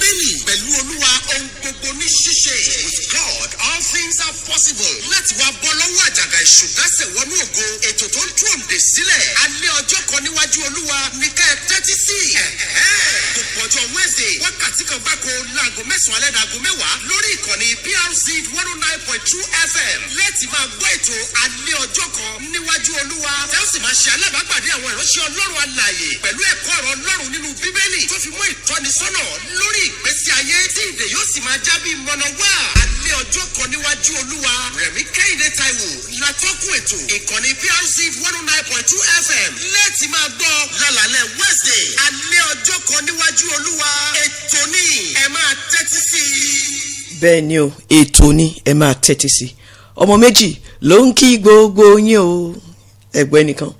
bíbélì pẹ̀lú olúwa ohun gbogbo ní ṣíṣe with God all things are possible láti wá bọ́ wọ àjàgà ìṣùgbọ́nsẹ̀ wọnú ògo ètò tó ń tú òǹdè sílẹ̀ alẹ́ ọjọ́ kan níwájú olúwa ní ká ẹ tẹ́tí sí gbogbo ọjọ́ wednesday wákàtí kan gbáko láago mẹ́sàn-án alẹ́ dàgọ́ mẹ́wàá lórí ìkànnì brc one oh nine point two fm lẹ́ẹ̀tì máa gbọ́ ètò alẹ́ ọjọ́ kan níwájú olúwa tẹ́ ó sì máa ṣe alábàápàdé àwọn ìránṣẹ́ ọlọ́run alàyè pẹ̀lú ẹ̀kọ́ ọ̀rọ̀ ọlọ́run nínú bíbélì tó fi mú ìtọ́nisọ́nà lórí ìgbésí ayé tí ìdè yóò sì máa jábí mọ́nà wá alẹ́ ọjọ́ kan níwájú olúwa rẹ̀mí kẹ́hìndé taiwo ètò lọ́tọ́kùn ètò ìkànnì BRZ one oh nine point two FM láti máa gbọ́ lọ́làlẹ̀ Wednesday alẹ́ ọjọ́ kan níwájú Olúwa ètò ní ẹ máa tẹ́tí sí i. bẹ́ẹ̀ ni o ètò ni ẹ máa tẹ́tí sí ọmọ méjì ló ń kí gbogbo yín o ẹ̀gbẹ́ nìkan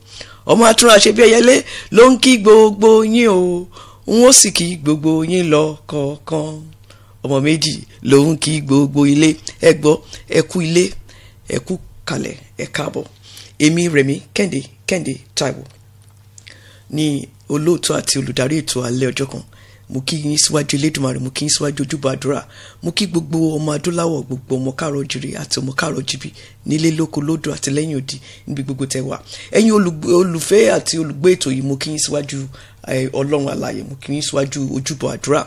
ọmọ atúnraṣe bí ẹyẹlé ló ń kí gbogbo yín o n ó sì kí gbogbo yín lọ kọ̀ọ̀kan ọmọ méjì ló ń kí gbogbo ilé ẹ gbọ́ ẹ kú ilé ẹ kú kalẹ̀ ẹ káàbọ̀ èmi Rẹ̀mí Kẹ́hìndé Kẹ́hìndé Táíwò ni olóòtú àti olùdarí ètò alẹ́ ọjọ́ kan mo kí yín síwájú Elédùmarè mo kí yín síwájú ojúbọ àdúrà mo kí gbogbo ọmọ adúláwọ̀ gbogbo ọmọ káàrọ̀ jìrì àti ọmọ káàrọ̀ jìbì nílé lóko lódò àti lẹ́yìn odi níbi gbogbo tẹ́ wà ẹ̀yin àti olùgbé ètò yìí mo kí yín síwájú ọlọ́run alààyè mo kì í síwájú ojúbọ àdúrà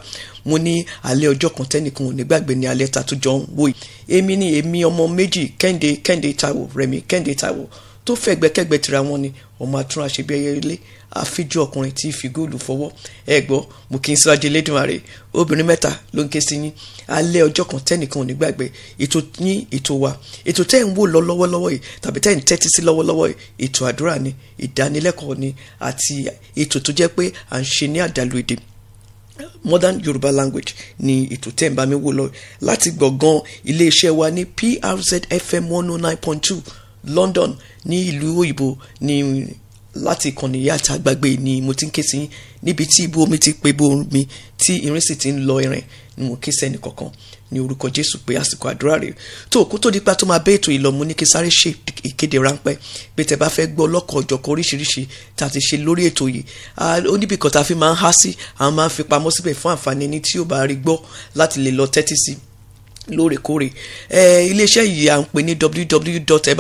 mo ní alẹ́ ọjọ́ kan tẹ́nìkan ò ní gbàgbé ní alẹ́ ta tó jọ ń wò yìí èmi ni èmi ọmọ méjì kẹ́hìndé kẹ́hìndé táíwò rẹ̀mí kẹ́hìndé táíwò tó fẹ̀gbẹ́kẹ̀gbẹ́ tira wọn ni ọmọ atún àṣebíẹyẹ ilé àfijọ ọkùnrin tí fi góòlù fọwọ́ ẹ gbọ́ mo kì í síwájú Elédùmarè obìnrin mẹ́ta ló ń ké sí yín alẹ́ ọjọ́ kan tẹ́nìkan ò ní gbàgbé ètò yín ètò wa ètò tẹ́ ń wò lọ lọ́wọ́lọ́wọ́ yìí tàbí tẹ́ ń tẹ́tí sí lọ́wọ́lọ́wọ́ yìí ètò àdúrà ni ìdánilẹ́kọ̀ọ́ ni àti ètò tó jẹ́ pé à ń ṣe ní àdàlù èdè modern yoruba language ni ètò tẹ́ ń bá mi wò lọ láti gbọ̀ngàn iléeṣẹ́ wa ní PRZ one oh nine point two London ní ìlú òyìnbó ní láti ìkànnì ìyá àti àgbàgbé ni mo ti ń ké sí yín níbi tí ibú omi ti pe ibú omi tí irin sì ti ń lọ irin ni mo ké sẹ́ni kankan ní orúkọ Jésù pé àsìkò àdúrà rèé tó kó tó di pa tó máa bẹ́ ètò ìlọ́mú ní kí sáré ṣe ìkéde ráńpẹ́ pé tẹ́ bá fẹ́ gbọ́ lọ́kọ̀ ọ̀jọ̀kan oríṣiríṣi tá a ti ṣe lórí ètò yìí oníbìkan tá a fi máa ń há sí àwọn máa ń fi pamọ́ síbẹ̀ fún àǹfààní ní tí ó bá rí gbọ́ láti lè lọ tẹ́tí sí i lóòrèkóòrè eh, iléeṣẹ́ yìí à ń pè ní www dot ẹ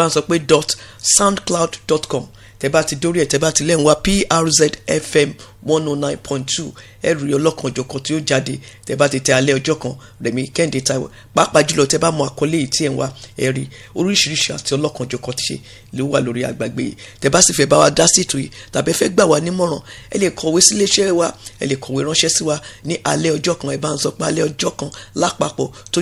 soundcloud com tẹ́ bá ti dórí ẹ̀ tẹ́ bá ti lẹ́yìn wá PRZFM one oh nine point two ẹ̀rù ọlọ́kanjọ̀kan tí ó jáde tẹ́ bá ti tẹ alẹ́ ọjọ́ kan rẹ̀mí kẹ́hìndé taiwo pàápàá jùlọ tẹ́ bá mọ àkọlé yìí tí ẹ̀ ń wá ẹ̀rí oríṣiríṣi àti ọlọ́kanjọ̀kan ti ṣe ló wà lórí àgbàgbé yìí tẹ́ bá sì fẹ́ bá wa dá sí ètò yìí tàbí fẹ́ gbà wá nímọ̀ràn ẹ lè kọ̀wé sí iléeṣẹ́ wa ẹ lè kọ̀wé ránṣẹ́ sí wa ní alẹ́ ọjọ́ kan ẹ bá ń sọ pé alẹ́ ọjọ́ kan lápapọ̀ tó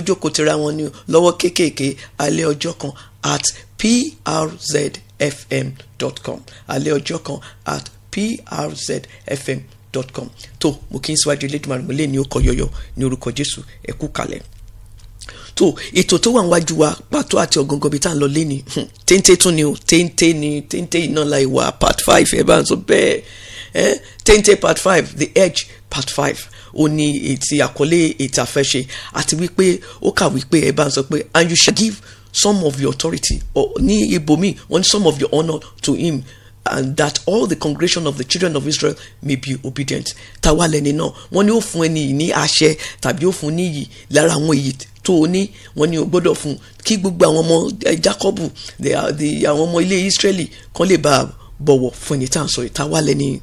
wọn ní lọ́wọ́ kéékèèké alẹ́ ọjọ́ kan at przfm.com alẹ́ ọjọ́ kan at przfm.com tó mo kí n síwájú elédùnmarè mo lè ní ó kọ yọyọ ní orúkọ Jésù ẹ kalẹ̀ tó ètò tó wà níwájú wa pàtó àti ọ̀gọ̀ngọ̀ bíi tá à ń lọ lé ni hmm, téńté tún ni o téńté ni téńté iná la ìwà part five ẹ bá ń sọ bẹ́ẹ̀ ẹ téńté part five the edge part five ó ní ètí àkọlé ètí àfẹ́ṣe àti wípé ó kà wípé ẹ bá ń sọ pé and you shall give some of your authority or ibomi, ibòmíì some of your honor to him and that all the congregation of the children of Israel may be obedient táwa lẹni náà wọ́n ní ó fún ẹni yìí ní àṣẹ tàbí ó fún níyì lára àwọn èyí to o ní wọ́n ní o gbọ́dọ̀ fún kí gbogbo àwọn ọmọ eh, Jacob uh, àwọn ọmọ ilé Israeli kan lè bá a bọ̀wọ̀ fún ẹni tá à sọ ìtawà lẹni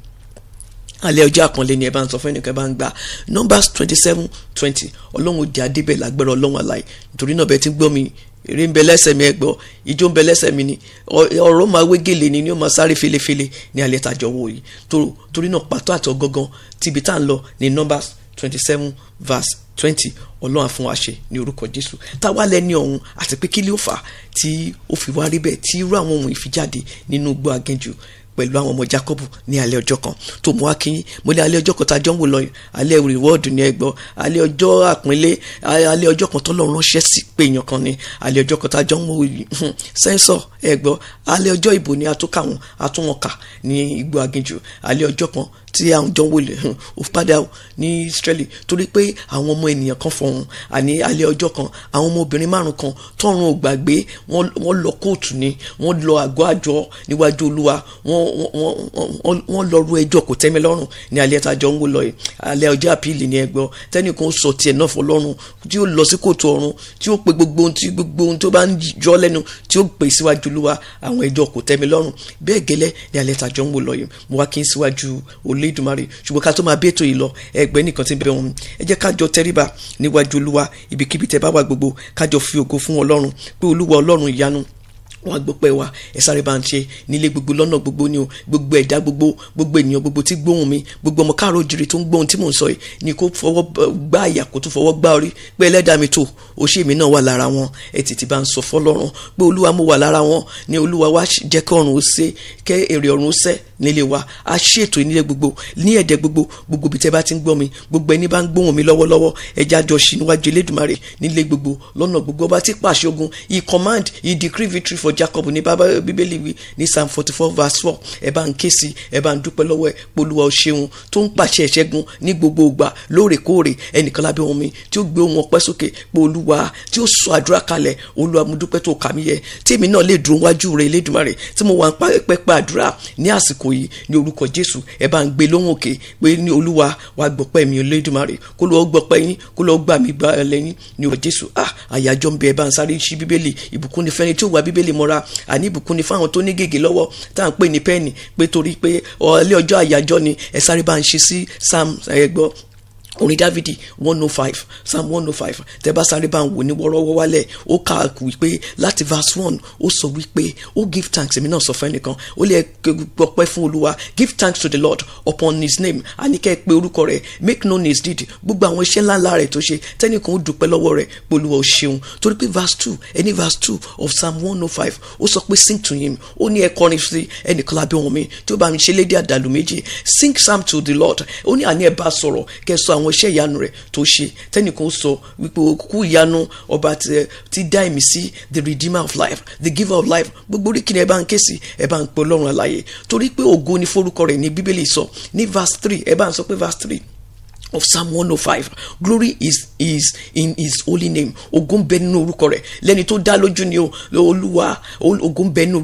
alẹ́ àkànlé ni ẹ bá ń sọ fún ẹnìkan bá ń gbà numbers twenty seven twenty ọlọ́run di adébẹ̀ lágbára ọlọ́run àlàyé nítorí náà bẹ́ẹ̀ ti gbọ́ mi eré ń bẹ lẹ́sẹ̀ mi ẹgbọ́ ijó ń bẹ lẹ́sẹ̀ mi ni ọ̀rọ̀ máa wé gèlè ni ni ó máa sáré felefele ní alẹ́ tàjọ wò yìí torí náà pàtó àti ọgọ́gán tíbi tá à ń lọ ní numbers twenty seven verse twenty ọlọ́run fún wa ṣe ní orúkọ jésù táwa lẹ́ni ọ̀hún àti pé kí ló fà á tí ó fi wá rí bẹ́ẹ̀ tí irú àwọn ohun ìfijáde nínú igbó aginjù pẹ̀lú àwọn ọmọ Jacob ní alẹ́ ọjọ́ kan tó mú akínyìn mo ní alẹ́ ọjọ́ kan tá a jọ ń wò lọ alẹ́ rìwọ́ọ̀dù ní ẹgbọ́ alẹ́ ọjọ́ àpínlẹ̀ alẹ́ ọjọ́ kan tọ́lọ́ ránṣẹ́ sí péyàn kan ni alẹ́ ọjọ́ kan tá a jọ ń wò hmm, sẹ́ńsọ̀ ẹgbọ́ alẹ́ ọjọ́ ìbò ni a tó ní igbó aginjù alẹ́ ọjọ́ kan tí àwọn jọ ń wọlé òfúpadà ní Israeli torí pé àwọn ọmọ ènìyàn kan fọhùn àní alẹ́ ọjọ́ kan àwọn ọmọbìnrin márùn kan tọrùn ò gbàgbé lọ kóòtù ni wọ́n lọ àgọ́ àjọ níwájú olúwa wọ́n lọ ru ẹjọ́ kò tẹ́mi lọ́rùn ní alẹ́ tàjọ ń wò lọ yìí alẹ́ ọjọ́ àpíìlì ni ẹgbọ́ tẹ́nìkan sọ tiẹ̀ náà fọlọ́run tí ó lọ sí kóòtù ọ̀run tí ó pe gbogbo ohun tí gbogbo ohun tó bá ń jọ lẹ́nu tí ó pè síwájú olúwa àwọn ẹjọ́ kò tẹ́mi lọ́rùn bẹ́ẹ̀ gẹ́lẹ́ ní alẹ́ Elédùmarè ṣùgbọ́n ká tó máa bí ètò yìí lọ ẹgbẹ́ nìkan ti bẹ̀ wọ́n ẹ jẹ́ ká jọ tẹríba níwájú Olúwa ibikíbi tẹ bá wà gbogbo ká jọ fi ògo fún Ọlọ́run pé Olúwa Ọlọ́run ìyanu wọn agbọpẹ wa ẹ sáré bá ń ṣe nílé gbogbo lọ́nà gbogbo ni o gbogbo ẹ̀dá gbogbo gbogbo ènìyàn gbogbo tí gbóhùn mi gbogbo ọmọ káàró jìrì tó ń gbóhùn tí mò ń sọ yìí ni kó fọwọ́ gbá àyà kó tó fọwọ́ gbá orí pé ẹlẹ́dàá mi tó o ṣé mi náà wà lára wọn ẹ tètè bá ń sọ fọ́lọ́run pé olúwa mo wà lára wọn ni olúwa wá jẹ́ kí ọ̀run ó ṣe kẹ́ èrè ọ̀run ó ṣẹ́ nílé wa a ṣètò nílé gbogbo ní ẹ̀dẹ̀ gbogbo gbogbo ibi tẹ́ bá ti ń gbọ́ mi gbogbo ẹni bá ń gbóhùn mi lọ́wọ́lọ́wọ́ ẹja jọ ṣì níwájú Elédùmarè nílé gbogbo lọ́nà gbogbo ọba tí pàṣẹ ogun he command he decree victory for Jacob ní bàbá bíbélì wí ní psalm forty four verse four ẹ bá ń ké sí ẹ bá ń dúpẹ́ lọ́wọ́ ẹ polúwa o ṣeun tó ń pàṣẹ ìṣẹ́gun ní gbogbo ìgbà lóòrèkóòrè ẹnìkan lábẹ́ ohùn mi tí ó gbé ohùn ọpẹ́ sókè polúwa tí ó sọ àdúrà kalẹ̀ olúwa mo dúpẹ́ tó kà mí yẹ tèmi náà lè dúró wájú rẹ Elédùmarè tí mo wà ń pẹ́pẹ́ àdúrà ní àsìkò àkókò yìí ní orúkọ jésù ẹ bá ń gbé lóhùn òkè pé ní olúwa wàá gbọpẹ́ mi olódùmarè kó lọ gbọpẹ́ yín kó lọ gbà mí gbà lẹ́yìn ní orúkọ jésù ah àyájọ́ ń bẹ ẹ bá ń sáré sí bíbélì ìbùkún ni fẹ́ni tí ó wà bíbélì mọ́ra àní ìbùkún ni fáwọn tó ní gègé lọ́wọ́ tá à ń pè ní pẹ́ẹ̀nì pé torí pé ọlẹ́ ọjọ́ àyájọ́ ni ẹ sáré bá ń ṣe sí sam ẹgbọ́ orin dávidi one oh five psalm one oh five tẹ́bá sáré bá ń wò ní wọ́rọ́wọ́ wálẹ̀ ó kà wípé láti verse one ó sọ wípé ó give thanks èmi náà sọ fẹ́ nìkan ó lè gbọ́pẹ́ fún olúwa give thanks to the lord upon his name àníkẹ́ pé orúkọ rẹ̀ make known his deed gbogbo àwọn iṣẹ́ ńláńlá rẹ̀ tó ṣe tẹ́nìkan ó dúpẹ́ lọ́wọ́ rẹ̀ polúwa ó torí pé verse two ẹni verse two of psalm one oh five ó sọ pé sing to him ó ní ẹ kọrin sí ẹnìkan lábẹ́ wọn mi tí ó bá mi ṣe lédè àdàlù méjì sing psalm to the lord ó ní àní ẹ bá sọ̀rọ̀ kẹ́ sọ àwọn àwọn iṣẹ́ ìyanu rẹ̀ tó ṣe tẹ́nìkan sọ wípé òkú ìyanu ọba ti dá èmi sí the redeemer of life the giver of life gbogbo orí kìnìún ẹ bá ń ké sí ẹ bá ń pe ọlọ́run àlàyé torí pé ògo ni forúkọ rẹ̀ ní bíbélì sọ ní verse three ẹ bá ń sọ pé verse three of psalm 105, glory is is in his holy name ogun bẹ nínú orúkọ rẹ̀ lẹ́ni tó dá lójú ni o olúwa ogun bẹ nínú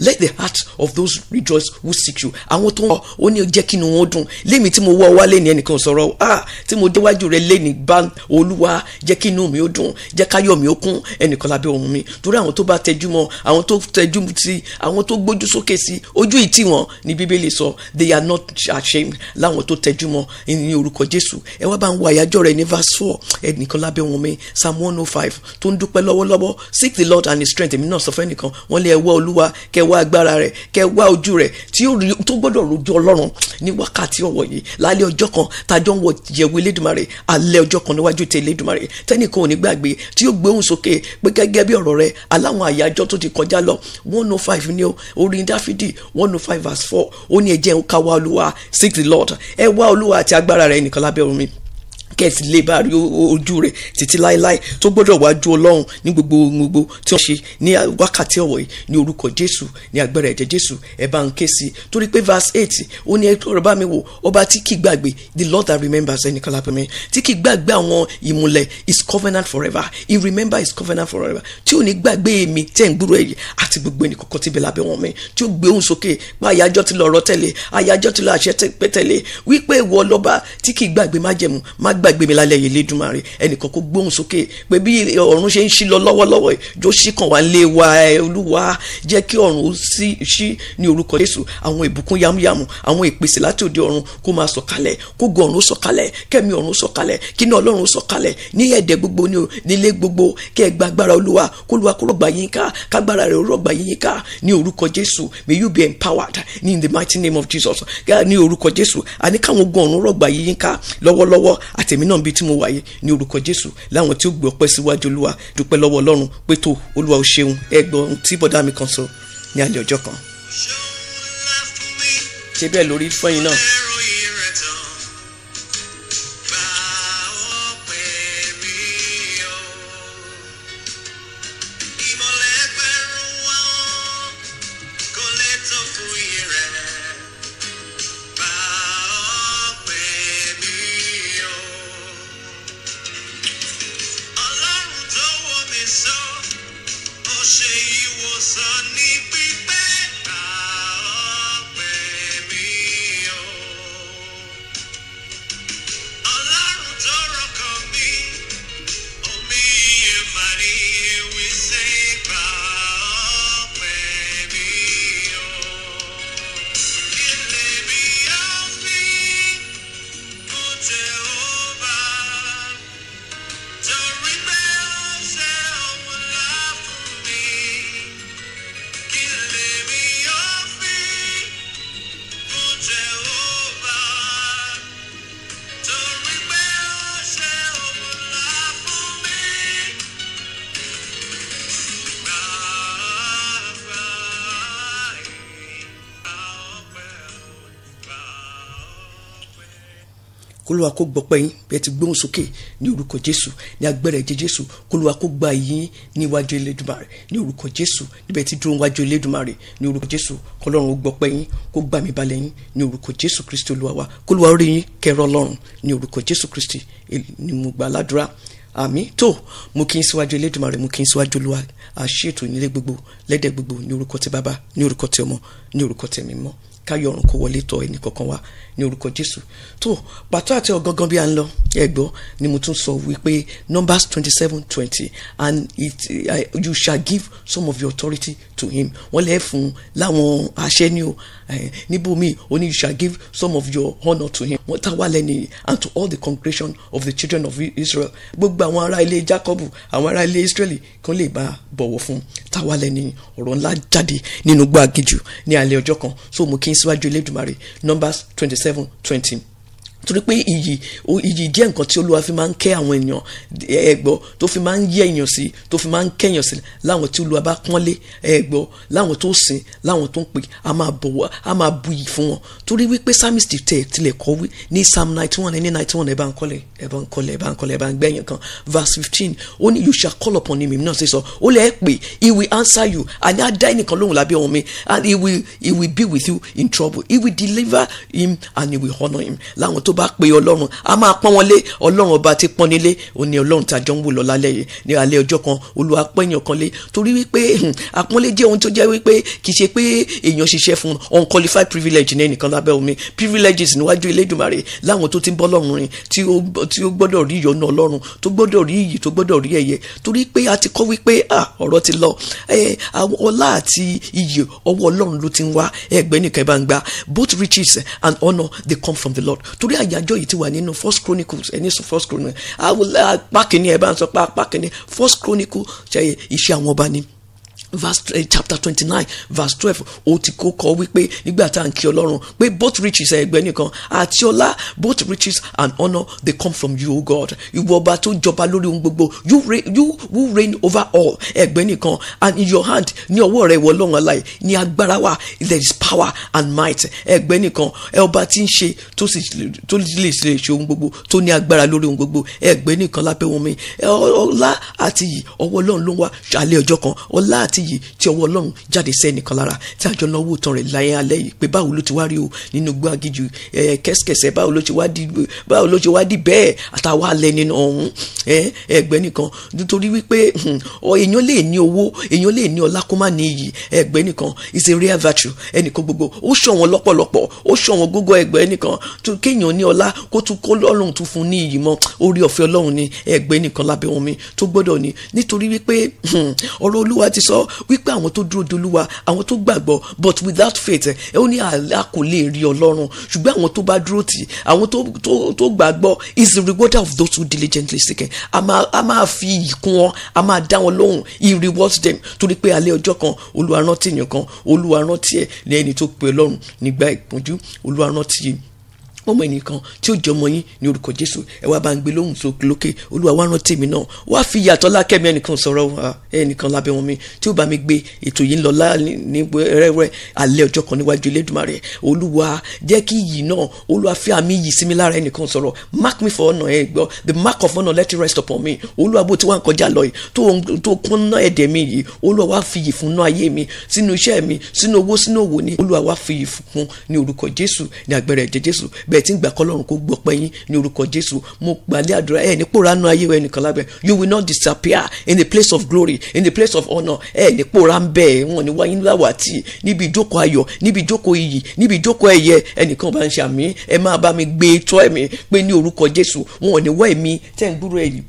let the heart of those rejoice who seek you àwọn tó ń wọ ó ní jẹ́ kí inú wọn dùn lémi tí mo wọ́ ọ wá lẹ́ni ẹnìkan sọ̀rọ̀ ah tí mo déwájú rẹ̀ lẹ́ni bá olúwa jẹ́ kí inú mi ó dùn jẹ́ káyọ̀ mi ó kún ẹnìkan lábẹ́ ohùn mi torí àwọn tó bá tẹjú mọ́ àwọn tó tẹjú sí àwọn tó gbójú sókè sí ojú ìtì wọn ni bíbélì sọ they are not ashamed láwọn tó tẹjú mọ́ ní orúkọ jésù ẹ wá bá ń wo àyájọ́ rẹ̀ ní verse four ẹnìkan lábẹ́ wọn mi psalm one oh five tó ń dúpẹ́ lọ́wọ́lọ́wọ́ seek the lord and his strength èmi náà sọ fẹ́ nìkan wọ́n lé ẹ wá olúwa kẹ́ wá agbára rẹ̀ kẹ́ wá ojú rẹ̀ tí ó tó gbọ́dọ̀ rojú ọlọ́run ní wákàtí ọ̀wọ̀ yìí lálẹ́ ọjọ́ kan tájọ́ ń wọ yẹ̀wò elédùmarè alẹ́ ọjọ́ kan níwájú tẹ elédùmarè tẹ́nìkan ò ní gbàgbé tí ó gbóhùn sókè pé gẹ́gẹ́ bí ọ̀rọ̀ rẹ̀ aláwọn àyájọ́ tó ti kọjá lọ one oh five ní orin dáfídì one oh five verse four ó ní ẹ ń ká wá olúwa seek the lord ẹ wá olúwa àti agbára rẹ̀ nìkan lá pelo, kẹ́ẹ̀fì lè bá rí ojú rẹ̀ títí láéláé tó gbọ́dọ̀ wájú ọlọ́run ní gbogbo gbogbo tí wọ́n ṣe ní wákàtí ọ̀wọ̀ yìí ní orúkọ jésù ní agbára ẹ̀jẹ̀ jésù ẹ̀ bá ń ké sí i torí pé verse eight ó ní ẹjọ́ rẹ̀ bá mi wò ọba tí kì í gbàgbé the lord that remembers ẹni kan lápẹ́ tí kì í gbàgbé àwọn ìmùlẹ̀ his covenant forever he remember his covenant forever tí ò ní gbàgbé mi tẹ́ ń gbúrò ẹ̀yẹ àti gbogbo ẹnì kọ̀ọ̀kan tí bẹ lábẹ́ wọn mi tí ó gbé ohùn sókè pé àyájọ́ ti lọ ọ̀rọ̀ tẹ̀lé àyájọ́ ti lọ àṣẹ pẹ́tẹ̀lé wípé ìwọ lọ́ba tí kì í gbàgbé májẹ̀mú má gbà gbàgbé mi lálẹ́ yìí lédùmarè ẹnìkan kó gbóhùn sókè pé bí ọ̀run ṣe ń ṣí lọ lọ́wọ́lọ́wọ́ jó ṣí kàn wá lé wa olúwa jẹ́ kí ọ̀run ó sì ṣí ní orúkọ Jésù àwọn ìbùkún yamuyamu àwọn ìpèsè láti òde ọ̀run kó máa sọ̀kalẹ̀ kó gan ọ̀run sọ̀kalẹ̀ kẹ́mi ọ̀run sọ̀kalẹ̀ kíná ọlọ́run sọ̀kalẹ̀ ní ẹ̀dẹ̀ gbogbo nílé gbogbo kẹ́ ẹ gba agbára olúwa kó olúwa kó rọ̀gbà yín ká kágbára rẹ̀ rọ̀gbà yín ká ní orúkọ Jésù may you be empowered in the mighty name of Jesus ní orúkọ Jésù àní káwọn gan ọ̀run rọ̀gbà yín ká lọ́wọ́lọ́wọ́ àtẹ̀m èmi náà bíi tí mo wáyé ní orúkọ jésù láwọn tí ó gbé ọpẹ́ síwájú olúwa dúpẹ́ lọ́wọ́ ọlọ́run pé tó olúwa ò ṣeun ẹgbọn tí bọ̀dá mi kan sọ ní alẹ́ ọjọ́ kan ṣé bẹ́ẹ̀ lórí fẹ́yìn náà. kólúwa kó gbọpẹ́ yín bí ẹ ti gbóhùn sókè ní orúkọ jésù ní agbára ẹ̀jẹ̀ jésù kólúwa kó gba yín níwájú elédùmarè ní orúkọ jésù níbẹ̀ ti dúró níwájú elédùmarè ní orúkọ jésù kọlọ́run ó gbọpẹ́ yín kó gbà mí balẹ̀ yín ní orúkọ jésù kristi olúwa wa kólúwa ó rí yín kẹrọ ọlọ́run ní orúkọ jésù kristi ni mo gbà ládùúrà àmì tó mo kí n síwájú elédùmarè mo kí n síwájú olúwa àṣètò nílé gbogbo lẹ́dẹ̀ gbogbo ní orúkọ ti bàbá ní orúkọ ti ọmọ ní orúkọ ti ẹ̀mí káyọ ọ̀run kó wọlé tọ̀ ẹnì kọ̀ọ̀kan wa ní orúkọ jésù tó pàtó àti ọ̀gangan bí a ń lọ ẹ̀gbọ́ ni mo tún sọ wípé numbers twenty seven twenty and it, uh, you shall give some of your authority to him wọ́n lè fún láwọn àṣẹ ni o Eh, níbòmí ó ní you shall give some of your honour to him wọ́n tá wà lẹ́nìyàn and to all the congregation of the children of Israel gbogbo àwọn ará ilé Jacob àwọn ará ilé Israeli kan lè bá bọ̀wọ̀ fún tá wà lẹ́nìyàn ọ̀rọ̀ ńlá jáde nínú gbàgìjù ní alẹ́ ọjọ́ kan so mo kí n síwájú Elédùmarè Numbers twenty seven twenty torí pé iyì iyì jẹ́ nǹkan tí olúwa fi máa ń kẹ́ àwọn èèyàn ẹ̀gbọ́ tó fi máa ń yẹ èèyàn sí tó fi máa ń kẹ́yàn sí láwọn tí olúwa bá pọ́nlé ẹ̀gbọ́ láwọn tó sìn láwọn tó ń pè á máa bọ̀wọ̀ á máa buyì fún wọn torí wípé psalmist tẹ̀ tilẹ̀ kọ́ wí ní psalm ninety one ní ninety one ẹ̀ bá ń kọ́lẹ̀ ẹ̀ bá ń kọ́lẹ̀ ẹ̀ bá ń kọ́lẹ̀ ẹ̀ bá ń gbẹ̀yìn kan verse fifteen ó ní you shall call upon him náà ṣe sọ ó lẹ́ pè he will answer you and á dá ẹnìkan lóhùn lábẹ́ ohùn mi and he will he will be with you in trouble he will deliver him and he will honour him láwọn tó tó bá pe ọlọ́run a máa pọ́n wọn lé ọlọ́run ọba ti pọ́n nílé òun ni ọlọ́run tàjọ ń wò lọ lálẹ́ yìí ní alẹ́ ọjọ́ kan olúwa pẹ́yàn kan lé torí wípé hmm, àpọ́nlé jẹ́ ohun tó jẹ́ wípé kì í ṣe pé èèyàn ṣiṣẹ́ fún unqualified privilege ní ẹnìkan lábẹ́ omi privileges níwájú elédùnmarè láwọn tó ti ń bọ́ lọ́run rìn tí ó gbọ́dọ̀ rí ìyọ́nú ọlọ́run tó gbọ́dọ̀ rí iyì tó gbọ́dọ̀ rí ẹ̀yẹ torí pé a ti kọ́ wípé ọ̀rọ̀ ti lọ ọlá àti iyì ọwọ́ ọlọ́run ló ti ń wá ẹgbẹ́ nìkan bá ń gba both riches and honour they come from the Lord torí àyájọ́ yìí ti wà nínú first chronicles ẹni sọ first chronicles apá uh, kìíní ẹ bá ń sọ pé apá kìíní first chronicles ṣe iṣẹ́ àwọn ọba ni verse uh, chapter twenty-nine verse twelve O ti kó kọ wípé nígbà tá à ń kí ọlọ́run pé both riches eh, ẹgbẹ́ nìkan àti ọlá both riches and honour they come from you o God ìwọ ọba tó jọba lórí ohun gbogbo you reign you who reign over all ẹgbẹ́ nìkan and in your hand ní ọwọ́ rẹ ìwọ ọlọ́run aláì ní agbára wa there is power and might ẹgbẹ́ nìkan ẹ ọba tí ń ṣe tó sì tó lè ṣe ṣe ohun gbogbo tó ní agbára lórí ohun gbogbo ẹgbẹ́ nìkan lábẹ́ wọn mi ọlá àti ọwọ́ ọlọ́run ló wá alẹ́ ọjọ́ kan ọlá àti wákàtí yìí tí ọwọ́ ọlọ́run jáde sí ẹnìkan lára tí àjọ lọ wò tán rẹ̀ láyé alẹ́ yìí pé báwo ló ti wá rí o nínú gbọ́n agíjù ẹ kẹ́sìkẹ́sẹ̀ báwo ló ti wá di báwo ló ti wá di bẹ́ẹ̀ àtàwọn alẹ́ nínú ọ̀hún ẹgbẹ́ nìkan nítorí wípé èèyàn lè ní owó èèyàn lè ní ọlá kó má ní iyì ẹgbẹ́ nìkan is a real virtue ẹnìkan gbogbo ó ṣọ̀wọ́n lọ́pọ̀lọpọ̀ ó ṣọ̀wọ́n gógó ẹgbẹ́ nìkan tó kéèyàn ní ọlá kó tún kó lọ́rùn tún fún ní iyì mọ́ orí ọ̀fẹ́ ọlọ́run ni ẹgbẹ́ nìkan lábẹ́ wọn mi tó gbọ́dọ̀ ní nítorí wípé ọ̀rọ̀ olúwa ti sọ wípé àwọn tó dúró dolúwa àwọn tó gbàgbọ́ but without faith ẹ eh, ó ní àlá kò lè rí ọlọ́run ṣùgbọ́n àwọn tó bá dúró tì àwọn tó gbàgbọ́ is the rewarder of those who diligently seek him a máa fi iyì kún wọn a máa dá wọn lóhùn he rewards them torí pé alẹ́ ọjọ́ kan olúwa rántí èèyàn kan olúwa rántí ẹ̀ ní ẹni tó pe ọlọ́run nígbà ìpọ́njú olúwa rántí ọmọ ẹnìkan tí ó jẹ ọmọ yín ní orúkọ jésù ẹ wá bá ń gbé lóhùn sókè lókè olúwa wá rántí mi náà wá fi yàtọ̀ lákẹ́mi ẹnìkan sọ̀rọ̀ ẹnìkan lábẹ́ wọn mi tí ó bá mi gbé ètò yìí ń lọ ní rẹ́rẹ́ alẹ́ ọjọ́ kan níwájú elédùmarè olúwa jẹ́ kí iyì náà olúwa fi àmì iyì sí mi lára ẹnìkan sọ̀rọ̀ mark me for honor ẹ gbọ́ the mark of honor let it rest upon me olúwa bó ti wá ń kọjá lọ yìí tó kún ná ẹ̀dẹ̀ mi yìí olúwa wá fi iyì fún ná ayé mi sínú iṣẹ́ mi sínú owó sínú òwò ni olúwa wá fi iyì fún ní orúkọ jésù ní agbẹ́rẹ́ ẹ̀jẹ̀ jésù bẹ́ẹ̀ tí ń gbà kọ́lọ́run kó gbọ́pẹ́ yín ní orúkọ Jésù mo gbàlẹ́ àdúrà ẹ̀ ní pòránù ayé wa ẹnìkan lábẹ́ you will not disappear in the place of glory in the place of honour ẹ̀ ní pòrá ń bẹ́ẹ̀ wọn ni wáyé láwàtì níbi ìjókòó ayọ̀ níbi ìjókòó iyì níbi ìjókòó ẹ̀yẹ ẹnìkan bá ń ṣàmì ẹ máa bá mi gbé tọ́ ẹ̀mí pé ní orúkọ Jésù wọn ò ní wá ẹ̀mí tẹ́ ń gbúrò ẹ̀yìn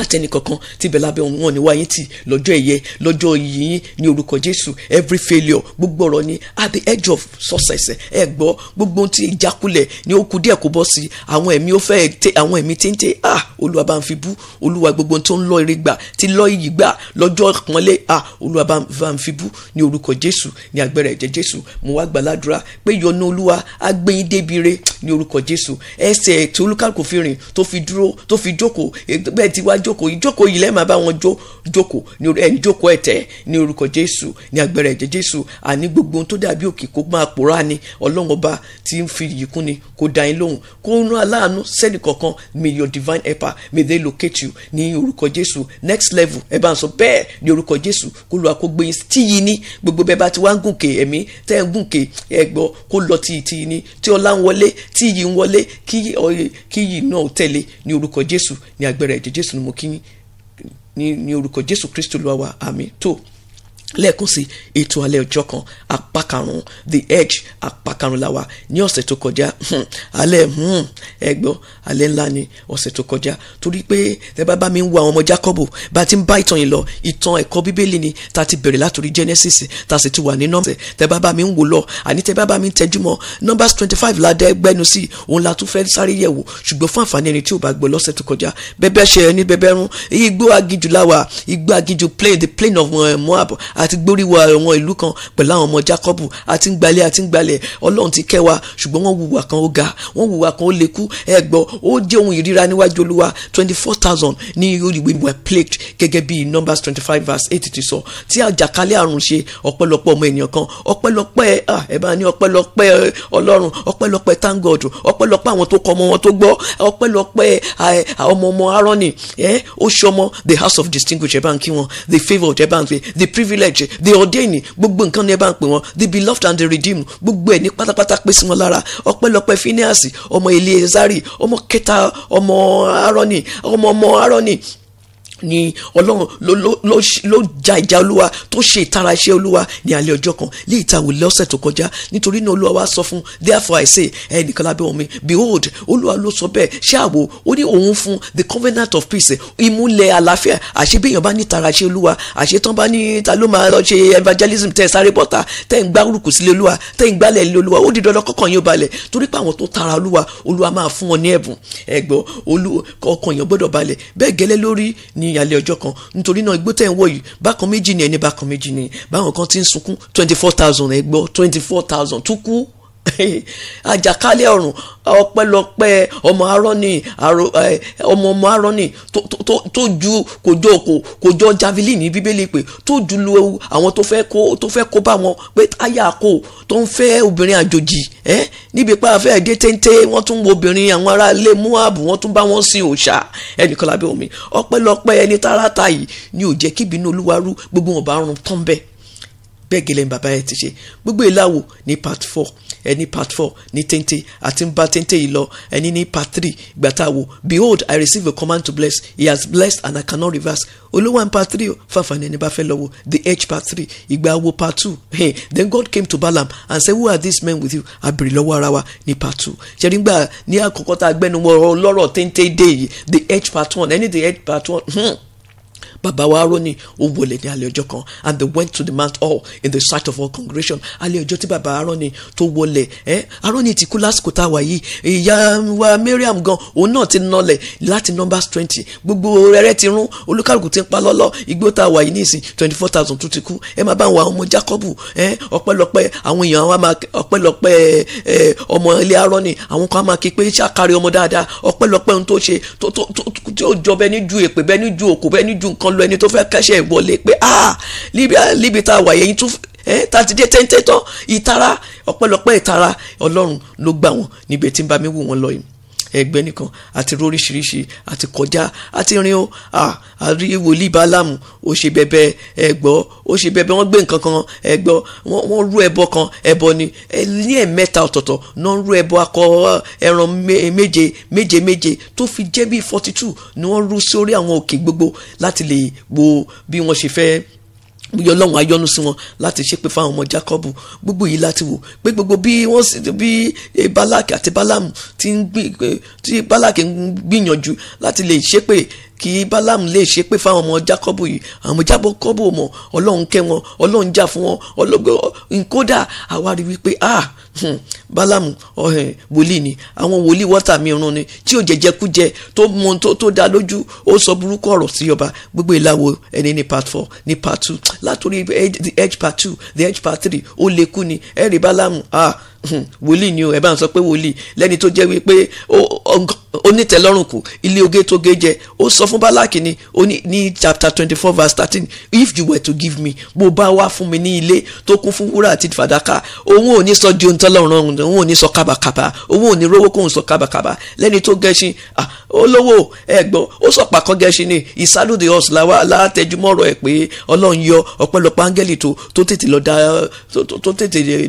àtẹnì kankan tí bẹ̀ lábẹ́ wọn ni wáyé tì lọ́jọ́ ẹ̀yẹ lọ́jọ́ yìnyín ní orúkọ jésù every failure gbogbo ọ̀rọ̀ ni at the edge of success ẹ gbọ́ gbogbo ohun tí ìjákulẹ̀ ni ó kù díẹ̀ kó bọ́ sí àwọn ẹ̀mí ó fẹ́ tẹ àwọn ẹ̀mí téńté ah olúwa bá ń fi bú olúwa gbogbo ohun tó ń lọ ire gbà tí lọ iyì gbà lọ́jọ́ ìpọ́nlé ah olúwa bá ń fi bú ní orúkọ jésù ní agbẹ́rẹ́ ẹ̀jẹ̀ jésù mo wá gbàládùra pé yọ́nú olúwa á gbé yín débi re ní orúkọ jésù ẹsẹ̀ tí olúkàlùkù fi rìn tó fi dúró jókòó ìjókòó yìí lẹ́ẹ̀ máa bá wọn jó jókòó ní orí ẹni jókòó ẹ̀tẹ́ ní orúkọ jésù ní agbẹ̀rẹ̀ ẹ̀jẹ̀ jésù àní gbogbo ohun tó dàbí òkè kó máa pòórá ni ọlọ́run ọba tí ń fi yìí kún ni kó dá yín lóhùn kó ń rán aláàánú sẹ́ni kọ̀ọ̀kan may your divine helper may they locate you ní orúkọ jésù next level ẹ bá ń sọ bẹ́ẹ̀ ní orúkọ jésù kó lu àkógbé yín tí yìí ní gbogbo bẹ́ẹ̀ bá ti wá ń gùnkè ẹ̀mí tẹ́ ń gùnkè ẹ̀gbọ́ kó lọ kínní ní orúkọ Jésù Kristu wa àmín tó lẹ́ẹ̀kan sí ètò alẹ́ ọjọ́ kan apá karùn-ún the edge apá karùn-ún la wà ní ọ̀sẹ̀ tó kọjá hmm, alẹ́ hmm, ẹgbọ́ alẹ́ ńlá ni ọ̀sẹ̀ tó kọjá torí pé ẹ bá bá mi ń wo àwọn ọmọ Jákọ́bù bá ti ń bá ìtàn yìí lọ ìtàn ẹ̀kọ́ bíbélì ni ta ti bẹ̀rẹ̀ látòrí Genesis ta sì ti wà ní nọ́mbà tẹ bá bá mi ń wò lọ àní tẹ bá bá mi ń tẹjú mọ́ numbers twenty five la dẹ́gbẹ́nu sí òun la tún fẹ́ sáré yẹ̀ wò ṣùgbọ́n fún àǹfààní ẹni tí ò bá gbọ́ lọ́sẹ̀ tó kọjá bẹ́bẹ́ ṣe ẹni bẹ́bẹ́ rún igbó aginjù la wà igbó aginjù plain the plain of eh, Moab àti gbóríwọ àwọn ìlú kan pẹ̀lú àwọn ọmọ Jákọ́bù àti ń àti ń Ọlọ́run ti kẹ́ wa ṣùgbọ́n wọ́n wùwà kan ó ga wọ́n wùwà kan ó lekú ẹ̀gbọ́n ó jẹ́ ohun ìríra níwájú Olúwa twenty four thousand ní oríwé were plagued gẹ́gẹ́ bí Numbers twenty five verse eight ti sọ tí àjàkálẹ̀ àrùn ṣe ọ̀pọ̀lọpọ̀ ọmọ ènìyàn kan ọ̀pọ̀lọpọ̀ ẹ bá ní ọ̀pọ̀lọpọ̀ thank God ọ̀pọ̀lọpọ̀ àwọn tó kọ ọmọ wọn tó gbọ́ ọ̀pọ̀lọpọ̀ ọmọ ọmọ Aaroni ó the house of distinguished ẹ bá the favoured ẹ the privileged elect the ordained gbogbo nǹkan ni ẹ bá ń pè wọn the beloved and the redeemed gbogbo ẹ̀ ní pátápátá pé sí wọn lára ọpẹ́lọpẹ́ phineas ọmọ eliezari ọmọ kẹta ọmọ aroni ọmọ ọmọ aroni ni ọlọ́run ló ló ló ja ìjà olúwa tó ṣe ìtara iṣẹ́ olúwa ní alẹ́ ọjọ́ kan ní ìtawò lọ́sẹ̀ tó kọjá nítorí náà olúwa wa sọ fún therefore I say ẹnìkan lábẹ́ Omi. behold olúwa ló sọ bẹ́ẹ̀ ṣé àwò ó ní òun fún the covenant of peace ìmúlẹ̀ àlàáfíà àṣebíyàn bá ní ìtara iṣẹ́ olúwa àṣetán bá ní ta ló máa lọ ṣe evangelism tẹ́ ẹ sáré bọ́ta tẹ́ ẹ ń gbá rúkù sílé olúwa tẹ́ ẹ ń gbálẹ̀ ilé olúwa ó di dandan kọ́kàn yín ó balẹ̀ torí pé àwọn ni ní alẹ́ ọjọ́ kan nítorí náà igbó tẹ̀ ń wọ̀ yìí bákan méjì ni ẹni bákan méjì ni báwọn kan ti ń sunkún twenty four thousand ẹgbọ́ twenty four thousand tó kú àjàkálẹ̀ ọ̀run ọpẹ́lọpẹ́ ọmọ arọ́nì ọmọ ọmọ arọ́nì tó ju kòjọ kò kòjọ javelin ní bíbélì pé tó ju lu àwọn tó fẹ́ kó tó fẹ́ kó bá wọn pé táyà kò tó ń fẹ́ obìnrin àjòjì ẹ́ níbi pa afẹ́ ẹ̀dẹ́ téńté wọ́n tún wo obìnrin àwọn ará ilé muhabu wọ́n tún bá wọn sin òòṣà ẹnìkan lábẹ́ omi ọpẹ́lọpẹ́ ẹni tààràtà yìí ni ò jẹ́ kíbi inú olúwa rú gbogbo wọn bá rún tán bẹ́ẹ̀ bẹ́ẹ̀ gẹ́lẹ́ ni bàbá yẹn ti ṣe gbogbo ìlàwọ̀ ní part four ẹni part four ní téńté àti ń bá téńté yìí lọ ẹni ní part three gbàtà wo behold i receive a command to bless he has blessed and i cannot reverse olówó and part three fàfàní ẹni bá fẹ́ lọ́wọ́ the h part three ìgbà wo part two hey, then God came to Balaam and said who are these men with you abèrè lọ́wọ́ ara wa ní part two ṣẹ́ni gbà ní àkọ́kọ́ tá a gbẹ́nu wọ lọ́rọ̀ téńté dé yìí the h part one ẹni the h part one. Hmm bàbá wa Árónì ó wọlé ní alẹ́ ọjọ́ kan and they went to the mount hall in the sight of all congregation alẹ́ ọjọ́ tí bàbá Árónì tó wọlé ẹ́ Árónì ti kú lásìkò tá a wà yìí ìyá wa Mariam gan òun náà ti nọlẹ̀ láti numbers twenty gbogbo rẹ̀rẹ̀ ti rún olúkàlùkù ti ń pa lọ́lọ́ igbó tá a wà yìí nísìn twenty four thousand tún ti kú ẹ máa bá àwọn ọmọ Jákọ́bù ẹ́ ọpẹ́lọpẹ́ àwọn èèyàn wa máa ọpẹ́lọpẹ́ ọmọ ilé Árónì àwọn kan máa kí pé ṣàkárí ọmọ dáadáa ọpẹ́lọpẹ́ kan lọ ẹni tó fẹ́ kẹ́sẹ̀ ìwọlé pé ah libya libi tá a wà yẹn tún tá a ti dé téńté tán ìtara ọ̀pọ̀lọpọ̀ ìtara ọlọ́run ló gbà wọ́n níbi tí ń bá mi wù wọ́n lọ yìí ẹgbẹ́ nìkan àti róríṣiríṣi àti kọjá àti rin o àrí wòlíì bálámù ó ṣe bẹbẹ ẹgbọ́ ó ṣe bẹbẹ wọ́n gbé nǹkan kan ẹgbọ́ wọ́n rú ẹbọ kan ẹbọ ni ní ẹ̀mẹ́ta ọ̀tọ̀ọ̀tọ̀ náà ń rú ẹbọ akọ ẹran méje méje méje tó fi jẹ́ bíi forty two ni wọ́n rú sórí àwọn òkè gbogbo láti lè wo bí wọ́n ṣe fẹ́ bóyá ọlọ́run ayọ́nu sí wọn láti ṣépè fáwọn ọmọ Jákọ́bù gbogbo yìí láti wò pé gbogbo bí wọ́n sì bí Balaki àti Balamu ti ń ń gbìyànjú láti lè ṣépè kí balaam lè ṣe pé fáwọn ọmọ jacob yìí àwọn ọmọ jábọ kọ́bù mọ ọlọ́run kẹ́ wọn ọlọ́run jà fún wọn ọlọ́gbẹ́ nkódà àwa wípé ah hmm, balaam ọ̀hìn wòlíì ni àwọn wòlíì wọ́tà mi rún ni tí ò jẹjẹ kú jẹ tó mọ tó dá lójú ó sọ burúkú ọ̀rọ̀ sí ọba gbogbo ìlàwọ ẹni ní part four ní part two látòrí edge part two the edge part three ó lè kú ni ẹ̀rí balaam ah Hmm. wòlíì ni o ẹ bá ń sọ pé wòlíì lẹ́ni tó jẹ́ wípé onítẹ̀lọ́rùn kù ilé oge tó ge jẹ ó sọ fún Bálákì ni ní chapter twenty four verse thirteen if you were to give me bó bá wá fún mi ní ilé tó kún fún wúrà àti fàdákà òun ò ní sọ di ohun tọ́lọ́run ọ̀hún òun ò ní sọ kábàkábà òun ò ní rówó kóun sọ kábàkábà lẹ́ni tó gẹṣin olówó ẹ̀gbọ́n ó sọ pàkọ́ gẹṣin ni ìsálùdì ọ̀sùn látẹjúmọ́ ọ̀rọ̀ ẹ̀ pé ọlọ́run yọ ọ̀pọ̀lọpọ̀ áńgẹ́lì tó tètè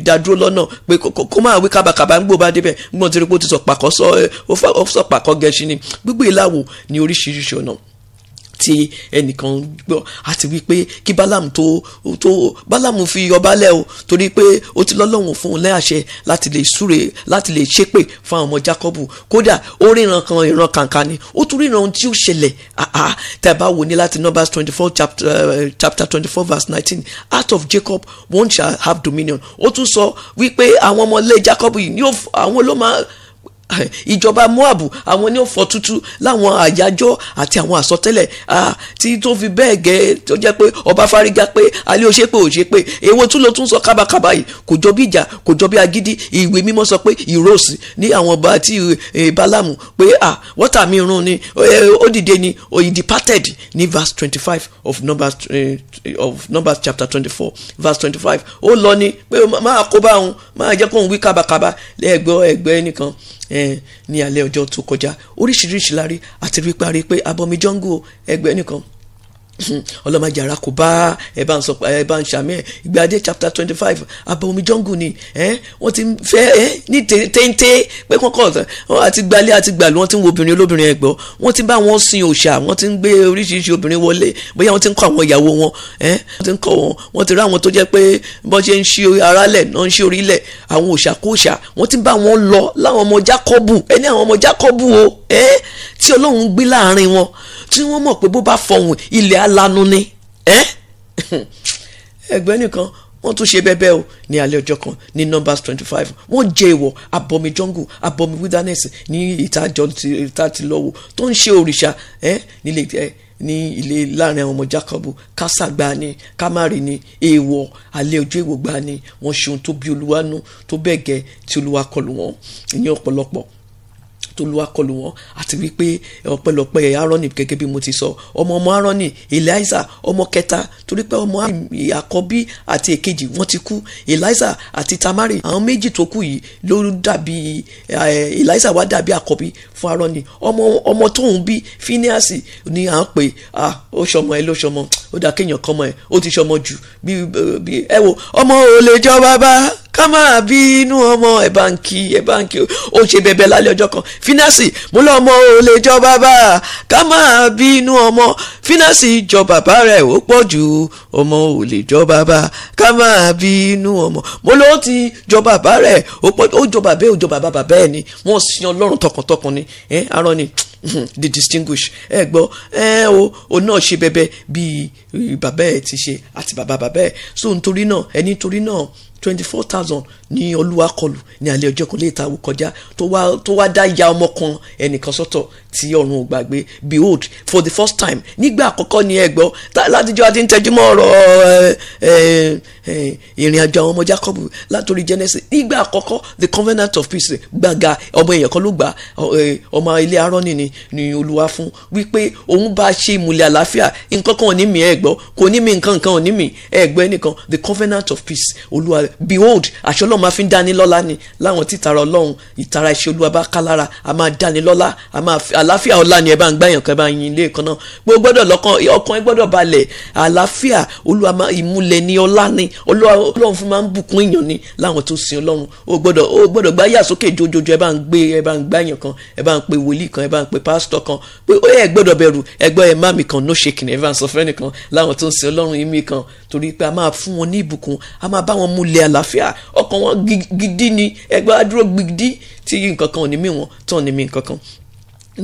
dá dúró lọ́nà pé kò kó máa wí kábàkàbà ń gbò bá débẹ̀ ń gbọ́n tí ó ti sọ pàkọ́ sọ pàkọ́ gẹ̀ẹ́sì ni gbígbé ìlàwọ̀ ní oríṣiríṣi ọ̀nà tí ẹnìkan gbọ́ àti wípé kí bálámù tó tó bálámù fi ọba lẹ̀ o torí pé ó ti lọ́lọ́run fún un lẹ́àṣẹ láti lè súre láti lè ṣépè fún àwọn ọmọ Jákọ́bù kódà ó ríran kan ìran kàǹkà ni ó tún ríran ohun tí ó ṣẹlẹ̀ àá tẹ́ bá wò ní láti Numbers twenty four eh, chapter twenty four verse nineteen out of Jacob one shall have dominion ó tún sọ wípé àwọn ọmọ ilé Jákọ́bù yìí ni àwọn ló máa ìjọba moab àwọn ní òfò tútù láwọn àyájọ́ àti àwọn àsọtẹ́lẹ̀ tí tó fi bẹ́ẹ̀ gẹ́ tó jẹ́ pé ọba fárígá pé alẹ́ ò ṣe pé ò ṣe pé èwo tún ló tún sọ kábàkábà yìí kò jọ bí ìjà kò jọ bí agídí ìwé mímọ́ sọ pé ìrọ́ọ̀sì ní àwọn ọba àti e, bálámù pé ah wọ́tà mi run ni ó e, dìde ni he departed ní verse twenty five of numbers e, of numbers chapter twenty four verse twenty five ó lọ ni pé máa kó bá òun máa jẹ́ kóun wí kábàkábà lẹ́gbẹ́ ẹgbẹ́ nìkan ní alẹ́ ọjọ́ tó kọjá oríṣiríṣi la rí àti rí parí pé abọ́mi jọ́ngù ẹgbẹ́ nìkan ọlọ́mọdé ara kò bá ẹ bá ń sọ ẹ bá ń ṣàmì ẹ ìgbàdé chapter twenty five abomi jungle ni wọ́n ti fẹ́ ẹ ní téńté pé kọ́kọ́ àti gbalẹ̀ àti gbàlú wọ́n ti ń wo obìnrin olóbìnrin ẹ̀gbọ́ wọ́n ti bá wọn sin òòṣà wọ́n ti ń gbé oríṣiríṣi obìnrin wọlé bóyá wọ́n ti ń kọ́ àwọn ìyàwó wọn wọ́n ti ń kọ́ wọn wọ́n ti rá àwọn tó jẹ́ pé bọ́n ṣe ń ṣe arálẹ̀ náà ń ṣe orílẹ̀ àwọn òòṣà kó òòṣà wọ́n ti bá wọn lọ láwọn ọmọ jákọ́bù ẹni àwọn ọmọ jákọ́bù o tí ọlọ́run gbé láàrin wọn tí wọ́n mọ̀ pé bó bá fọhùn ilẹ̀ alanu ni ẹgbẹ́ nìkan wọ́n tún ṣe bẹ́ẹ̀ o ní alẹ́ ọjọ́ kan ní numbers twenty five wọ́n jẹ ìwọ̀ abomi jungle abomi wilderness ní ìtajọ ìta ti lọ́wọ́ tó ń ṣe òrìṣà nílé ní ilé láàrin àwọn ọmọ Jákọ́bù kásàgbà ni kámárì ni èèwọ̀ alẹ́ ọjọ́ èèwọ̀ gbà ni wọ́n ṣe ohun tó bí olúwa nú tó bẹ́ẹ̀ gẹ́ tí olúwa kọlù wọn ìyẹn ọ̀pọ̀lọpọ̀ tó lu akọlù wọn àti wípé ọpẹ́lọpẹ́ Aaroni gẹ́gẹ́ bí mo ti sọ ọmọ ọmọ Aaroni Eliza ọmọ kẹta torí pé ọmọ àkọ́bí àti èkejì wọ́n ti kú Eliza àti Tamari àwọn méjì tó kù yìí ló dàbí Eliza wá dàbí àkọ́bí fún Aaroni ọmọ ọmọ tóun bí Phineas ni à ń pè ó ṣọmọ ẹ ló ṣọmọ ó dáa kéèyàn kọ́ ọmọ ẹ̀ ó ti ṣọmọ jù bí bí ẹ wo ọmọ ò lè jọ bàbá ká máa bí inú ọmọ ẹ̀ bá ń kí ẹ̀ bá ń kí ó ń ṣe bẹ̀bẹ̀ lálẹ́ ọjọ́ kan fínásì mo lọ ọmọ ò lè jọ bàbá ká máa bí inú ọmọ fínásì jọ bàbá rẹ̀ ó pọ̀ jù ọmọ ò lè jọ bàbá ká máa bí inú ọmọ mo lọ ti jọ bàbá rẹ̀ ó pọ̀ ó jọ bàbá ó jọ bàbá bàbá ẹ̀ ni wọ́n sin ọlọ́run tọkàntọkàn ni ẹ̀ arán ni. Mhm. the distinguish ẹ gbọ́ ẹ o òun náà ṣe bẹbẹ bíi bàbá ẹ ti ṣe àti bàbá bàbá ẹ so nítorí náà ẹ nítorí náà twenty four thousand ní olúwa kọlù ní alẹ́ ọjọ́ kan léèta awú kọjá tó wá dá ya ọmọ kan ẹnìkan sọ́tọ̀ tí ọ̀run ò gbàgbé behold for the first time nígbà àkọ́kọ́ ni ẹ gbọ́ látijọ́ àti ntẹ́júmọ́ ọ̀rọ̀ ìrìn àjò àwọn ọmọ Jacob látòrí Genesis nígbà àkọ́kọ́ the covenant of peace gbàgà ọmọ èèyàn kan ló gbà ọmọ ilé arọ́nì ni ni olúwa fún wípé òun bá ṣe ìmùlẹ̀ àlàáfíà nǹkan kan ò ní mi ẹ gbọ́ kò ní mi nǹkan kan ò ní mi ẹ gbọ́ ẹnìkan the covenant of peace olúwa behold àṣẹ ọlọ́run máa fi ń dání lọ́lá ni láwọn tí ìtara ọlọ́run ìtara iṣẹ́ olúwa bá ká lára a máa dání lọ́lá a máa fi àlàáfíà ọlá ni ẹ bá ń gbàyàn kan ẹ bá ń yin ilé kan náà pé o gbọ́dọ̀ lọ́kàn ọkàn ẹ gbọ́dọ̀ balẹ̀ àlàáfíà olúwa máa ìmúlẹ̀ ni ọlá ni ọlọ́run fún máa ń bùkún èèyàn ni láwọn tó sin ọlọ́run o gbọ́dọ̀ o gbọ́dọ̀ gbá yà sókè jojojo ẹ bá ń gbé ẹ bá ń gbàyàn kan ẹ bá ń pe wòlíì kan ẹ bá ń pe pásítọ̀ kan pé ó yẹ ẹ gbọ́dọ̀ bẹ̀rù ẹ gbọ́ ẹ má mi kan no shaking ẹ bá ń sọ fẹ́nìkan láwọn tó ń sin ọlọ́run yìí mi kan torí pé a máa fún wọn ní ìbùkún a máa bá wọn múlẹ̀ àlàáfíà ọkàn wọn gidi ni ẹgbẹ́ adúró gidi tí nǹkan kan ò ní mí wọn tán ní mí nǹkan kan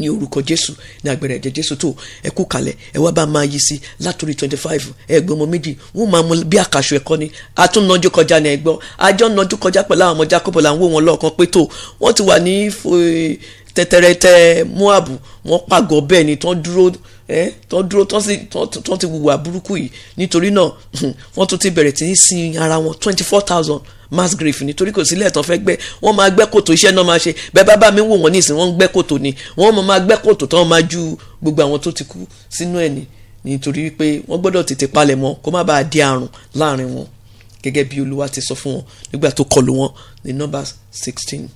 ní orúkọ jésù ní agbára ẹ̀jẹ̀ jésù tó ẹ kú kalẹ̀ bá máa yí sí látòrí twenty five ẹgbẹ́ ọmọ méjì wọ́n máa mú bí àkàṣọ ẹ̀kọ́ ni àtúnnájú kọjá ní ẹgbọ́ àjọ nájú kọjá pẹ̀lú àwọn ọmọ jacob là ń wò wọn lọ́ọ̀kan pé tó wọ́n ti wà ní tẹ̀tẹ̀rẹ̀tẹ̀ moab wọ́n pàgọ́ bẹ́ẹ̀ ni tán dúró ẹ tó dúró tó ti wùwà burúkú yìí nítorí náà wọ́n tún ti bẹ̀rẹ̀ tí ń sin ara wọn twenty four thousand mass grave nítorí kò sílẹ̀ tán fẹ́ gbẹ́ wọ́n máa gbẹ́ kòtò iṣẹ́ náà máa ṣe bẹ́ẹ̀ bàbá mi wò wọ́n ní ìsìn wọ́n ń gbẹ́ kòtò ni wọ́n máa gbẹ́ kòtò tán máa ju gbogbo àwọn tó ti kú sínú ẹ̀ ni nítorí pé wọ́n gbọ́dọ̀ tètè palẹ̀ mọ́ kó má bàa di àrùn láàrin wọn gẹ́gẹ́ bí olúwa ti sọ fún wọn nígbà tó kọlù wọn ní Numbers sixteen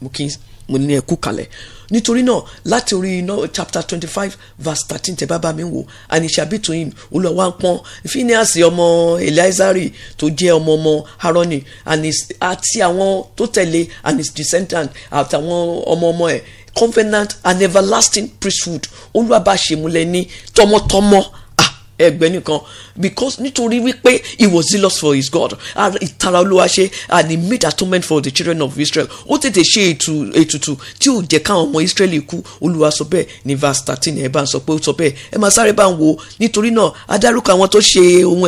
mukins mo ní ẹkú kalẹ̀ nítorí náà láti orí iná chapter twenty five verse thirteen tẹ bàbá mi wò àníṣàbí tóyìn olùwà ń pọn phineas ọmọ eleazari tó jẹ́ ọmọ ọmọ haroni àti àwọn tó tẹ̀lé and his descendant àtàwọn ọmọ ọmọ ẹ̀ covenant and everlasting priesthood olúwa bá ṣe múlẹ̀ ní tọmọtọmọ ẹgbẹ́ nìkan because nítorí wípé he was zealous for his God ìtara olúwa ṣe and he made atonement for the children of Israel ó tètè ṣe ètùtù tí ò jẹ́ káwọn ọmọ Israeli kú olúwa sọ bẹ́ẹ̀ ní verse thirteen ẹ̀ bá ń sọ pé ó sọ bẹ́ẹ̀ ẹ máa sáré bá ń wo nítorí náà adárúkọ àwọn tó ṣe ohun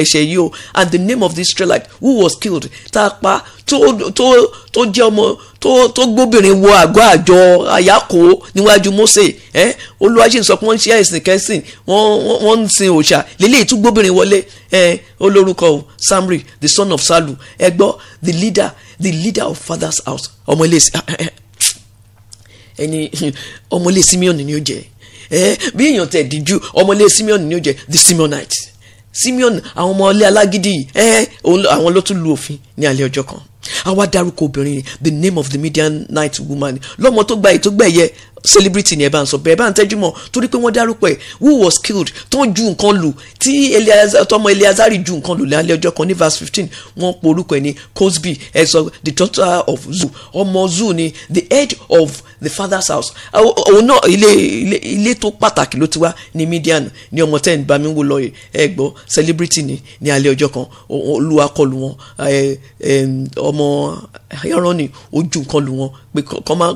ẹ̀ṣẹ̀ yìí o and the name of the Israelite who was killed tá a pa tó tó tó jẹ́ ọmọ tó tó gbóbìnrin wọ àgọ́ àjọ àyákò níwájú Mósè ẹ́ Olúwa ṣì ń sọ pé wọ́n ń ṣe ẹ̀sìn kẹ́sìn wọ́n ń sin òòṣà lélẹ́yìí tún gbóbìnrin wọlé ẹ́ olórúkọ Samri the son of Salu ẹ gbọ́ the leader the leader of father's house ọmọ ilé ẹni ọmọ ilé Simeon ni ó jẹ ẹ bí èèyàn tẹ̀ díjú ọmọ ilé Simeon ni ó jẹ the Simeonite Simeon àwọn ọmọ ilé alágídí ẹ àwọn ló tún lu òfin ní alẹ́ ọjọ́ kan àwa dárúkọ obìnrin the name of the Median Midianite woman lọ́mọ tó gba èyí tó gbẹ̀yẹ celebrity ni ẹ bá ń sọ bẹ́ẹ̀ bá ń tẹ́jú mọ́ torí pé wọ́n dárúkọ ẹ̀ who was killed tó ń ju nǹkan lù tí tọmọ Eleazari ju nǹkan lù lálẹ́ ọjọ́ kan ní verse fifteen wọ́n pe orúkọ ẹ̀ ní Cosby ẹ̀ sọ the daughter of Zu ọmọ Zu ni the head of the father's house òun náà ilé ilé ilé tó pàtàkì ló ti wá ní Midian ní ọmọ tẹ́ ń bá mi wò lọ yìí ẹ gbọ́ celebrity ni ní alẹ́ ọjọ́ kan olúwa kọlù wọn ọmọ ẹran ni ojú nǹkan lù wọn pé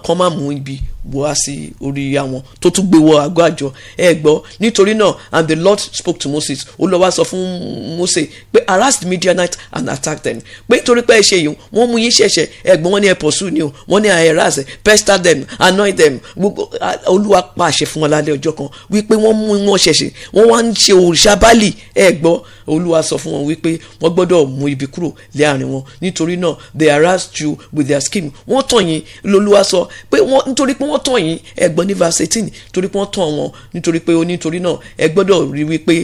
kọ́ má mú ibi wá sí orí ya wọn tó tún gbé wọ àgọ́ àjọ ẹ gbọ́ nítorí náà and the Lord spoke to Moses ó lọ wá sọ fún Mose pé harass the Midianites and attack them pé nítorí pé ẹ ṣe yìí wọ́n mú yín ṣẹ̀ṣẹ̀ ẹ gbọ́ wọ́n ní ẹ pursue ni o wọ́n ní ẹ harass pester them annoy them gbogbo Olúwa pàṣẹ fún wọn lálẹ́ ọjọ́ kan wípé wọ́n mú wọn ṣẹ̀ṣẹ̀ wọ́n wá ń ṣe òrìṣà Báálì ẹ gbọ́ Olúwa sọ fún wọn wípé wọ́n gbọ́dọ̀ mú ibi kúrò láàrin wọn nítorí náà they harassed you with their scheme wọ́n tàn yín lolúwa sọ pé wọ́n nítorí pé wọ́n wọ́n tàn yín ẹ̀gbọ́n ní verse eighteen torí pé wọ́n tàn wọ́n nítorí pé onítorí náà ẹ gbọ́dọ̀ rí wípé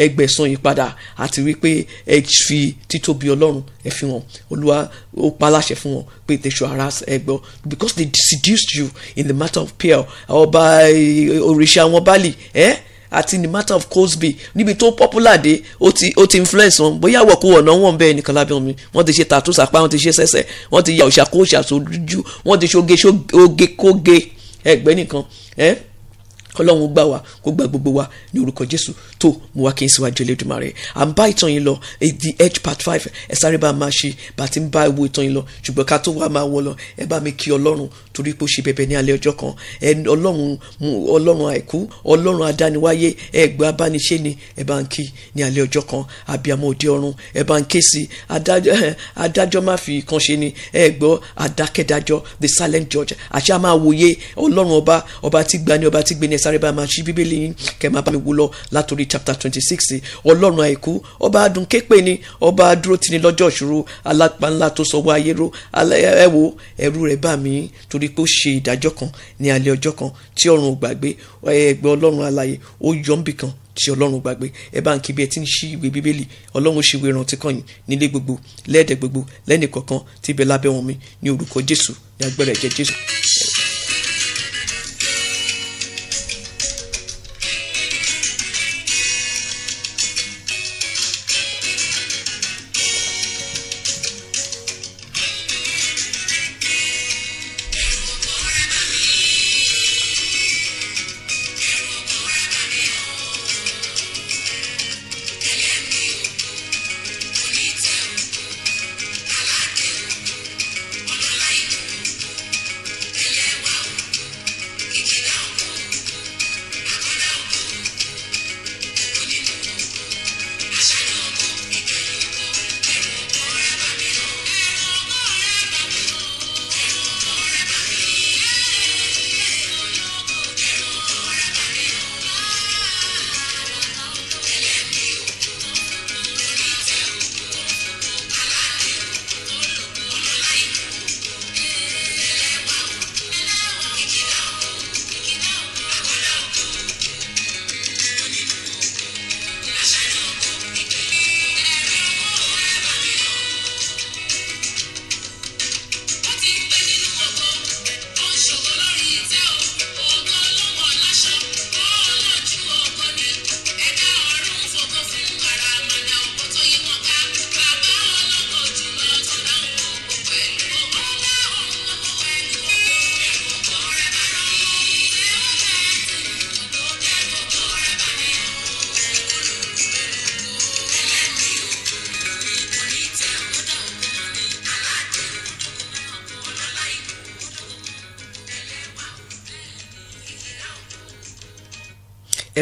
ẹ gbẹ̀san yín padà àti wípé ẹ fi títóbi ọlọ́run ẹ fi wọn olúwa ó pa láṣẹ fún wọn pé tẹ̀sù ara ẹ gbọ́ because they seduced you in the matter of pearl ọba òrìṣà wọn bali ẹ. Eh? àti the matter of Cosby níbi tó popular dé ó ti ó ti influence wọn bóyá wọ̀kú ọ̀nà wọn bẹ́ẹ̀ nìkan lábẹ́ omi wọ́n ti ṣe tàtó sàpá wọ́n ti ṣe sẹ́sẹ̀ wọ́n ti ya òṣàkóṣà sójú wọ́n ti ṣoge ṣoge kóge ẹgbẹ́ nìkan ẹ́ eh? ọlọ́run gbà wá kó gba gbogbo wa ní orúkọ jésù tó mú wá kí n síwájú elédùnmarè à ń bá ìtàn yìí lọ the edge part five ẹ sáré bá a máa ṣe bá a ti ń bá ewu ìtàn yìí lọ ṣùgbọ́n ká tó wá máa wọ lọ ẹ bá mi kí ọlọ́run torí pé ó ṣe bẹ̀bẹ̀ ní alẹ́ ọjọ́ kan ẹ ọlọ́run ọlọ́run àìkú ọlọ́run adániwáyé ẹ gbọ́ abániṣe ni ẹ bá ń kí ní alẹ́ ọjọ́ kan àbíamọ òde ọ̀run ẹ the silent judge àṣà máa wòye ọlọ́run ọba ọba tí sáré bá máa ṣí bíbélì yín kẹ́ máa bá mi wò lọ látòrí chapter twenty six ọlọ́run àìkú ọba adùn képe ni ọba dúró tini lọ́jọ́ ìṣòro alápánlá tó sọ wá ayéró ẹ wo ẹ̀rù rẹ̀ bà mí torí pé ó ṣe ìdájọ́ kan ní alẹ́ ọjọ́ kan tí ọ̀run ò gbàgbé ẹgbẹ́ ọlọ́run alààyè ó yọ ń bìkan tí ọlọ́run gbàgbé ẹ bá ń kí bí ẹ ti ń ṣí ìwé bíbélì ọlọ́run ṣe ìwé ìrántí kan yìí nílé gbogbo lẹ́ẹ̀dẹ̀ gbogbo lẹ́nìkọ̀ọ̀kan tí ibẹ̀ lábẹ́ wọn mi ní orúkọ jésù ní agbára ẹ̀jẹ̀ jésù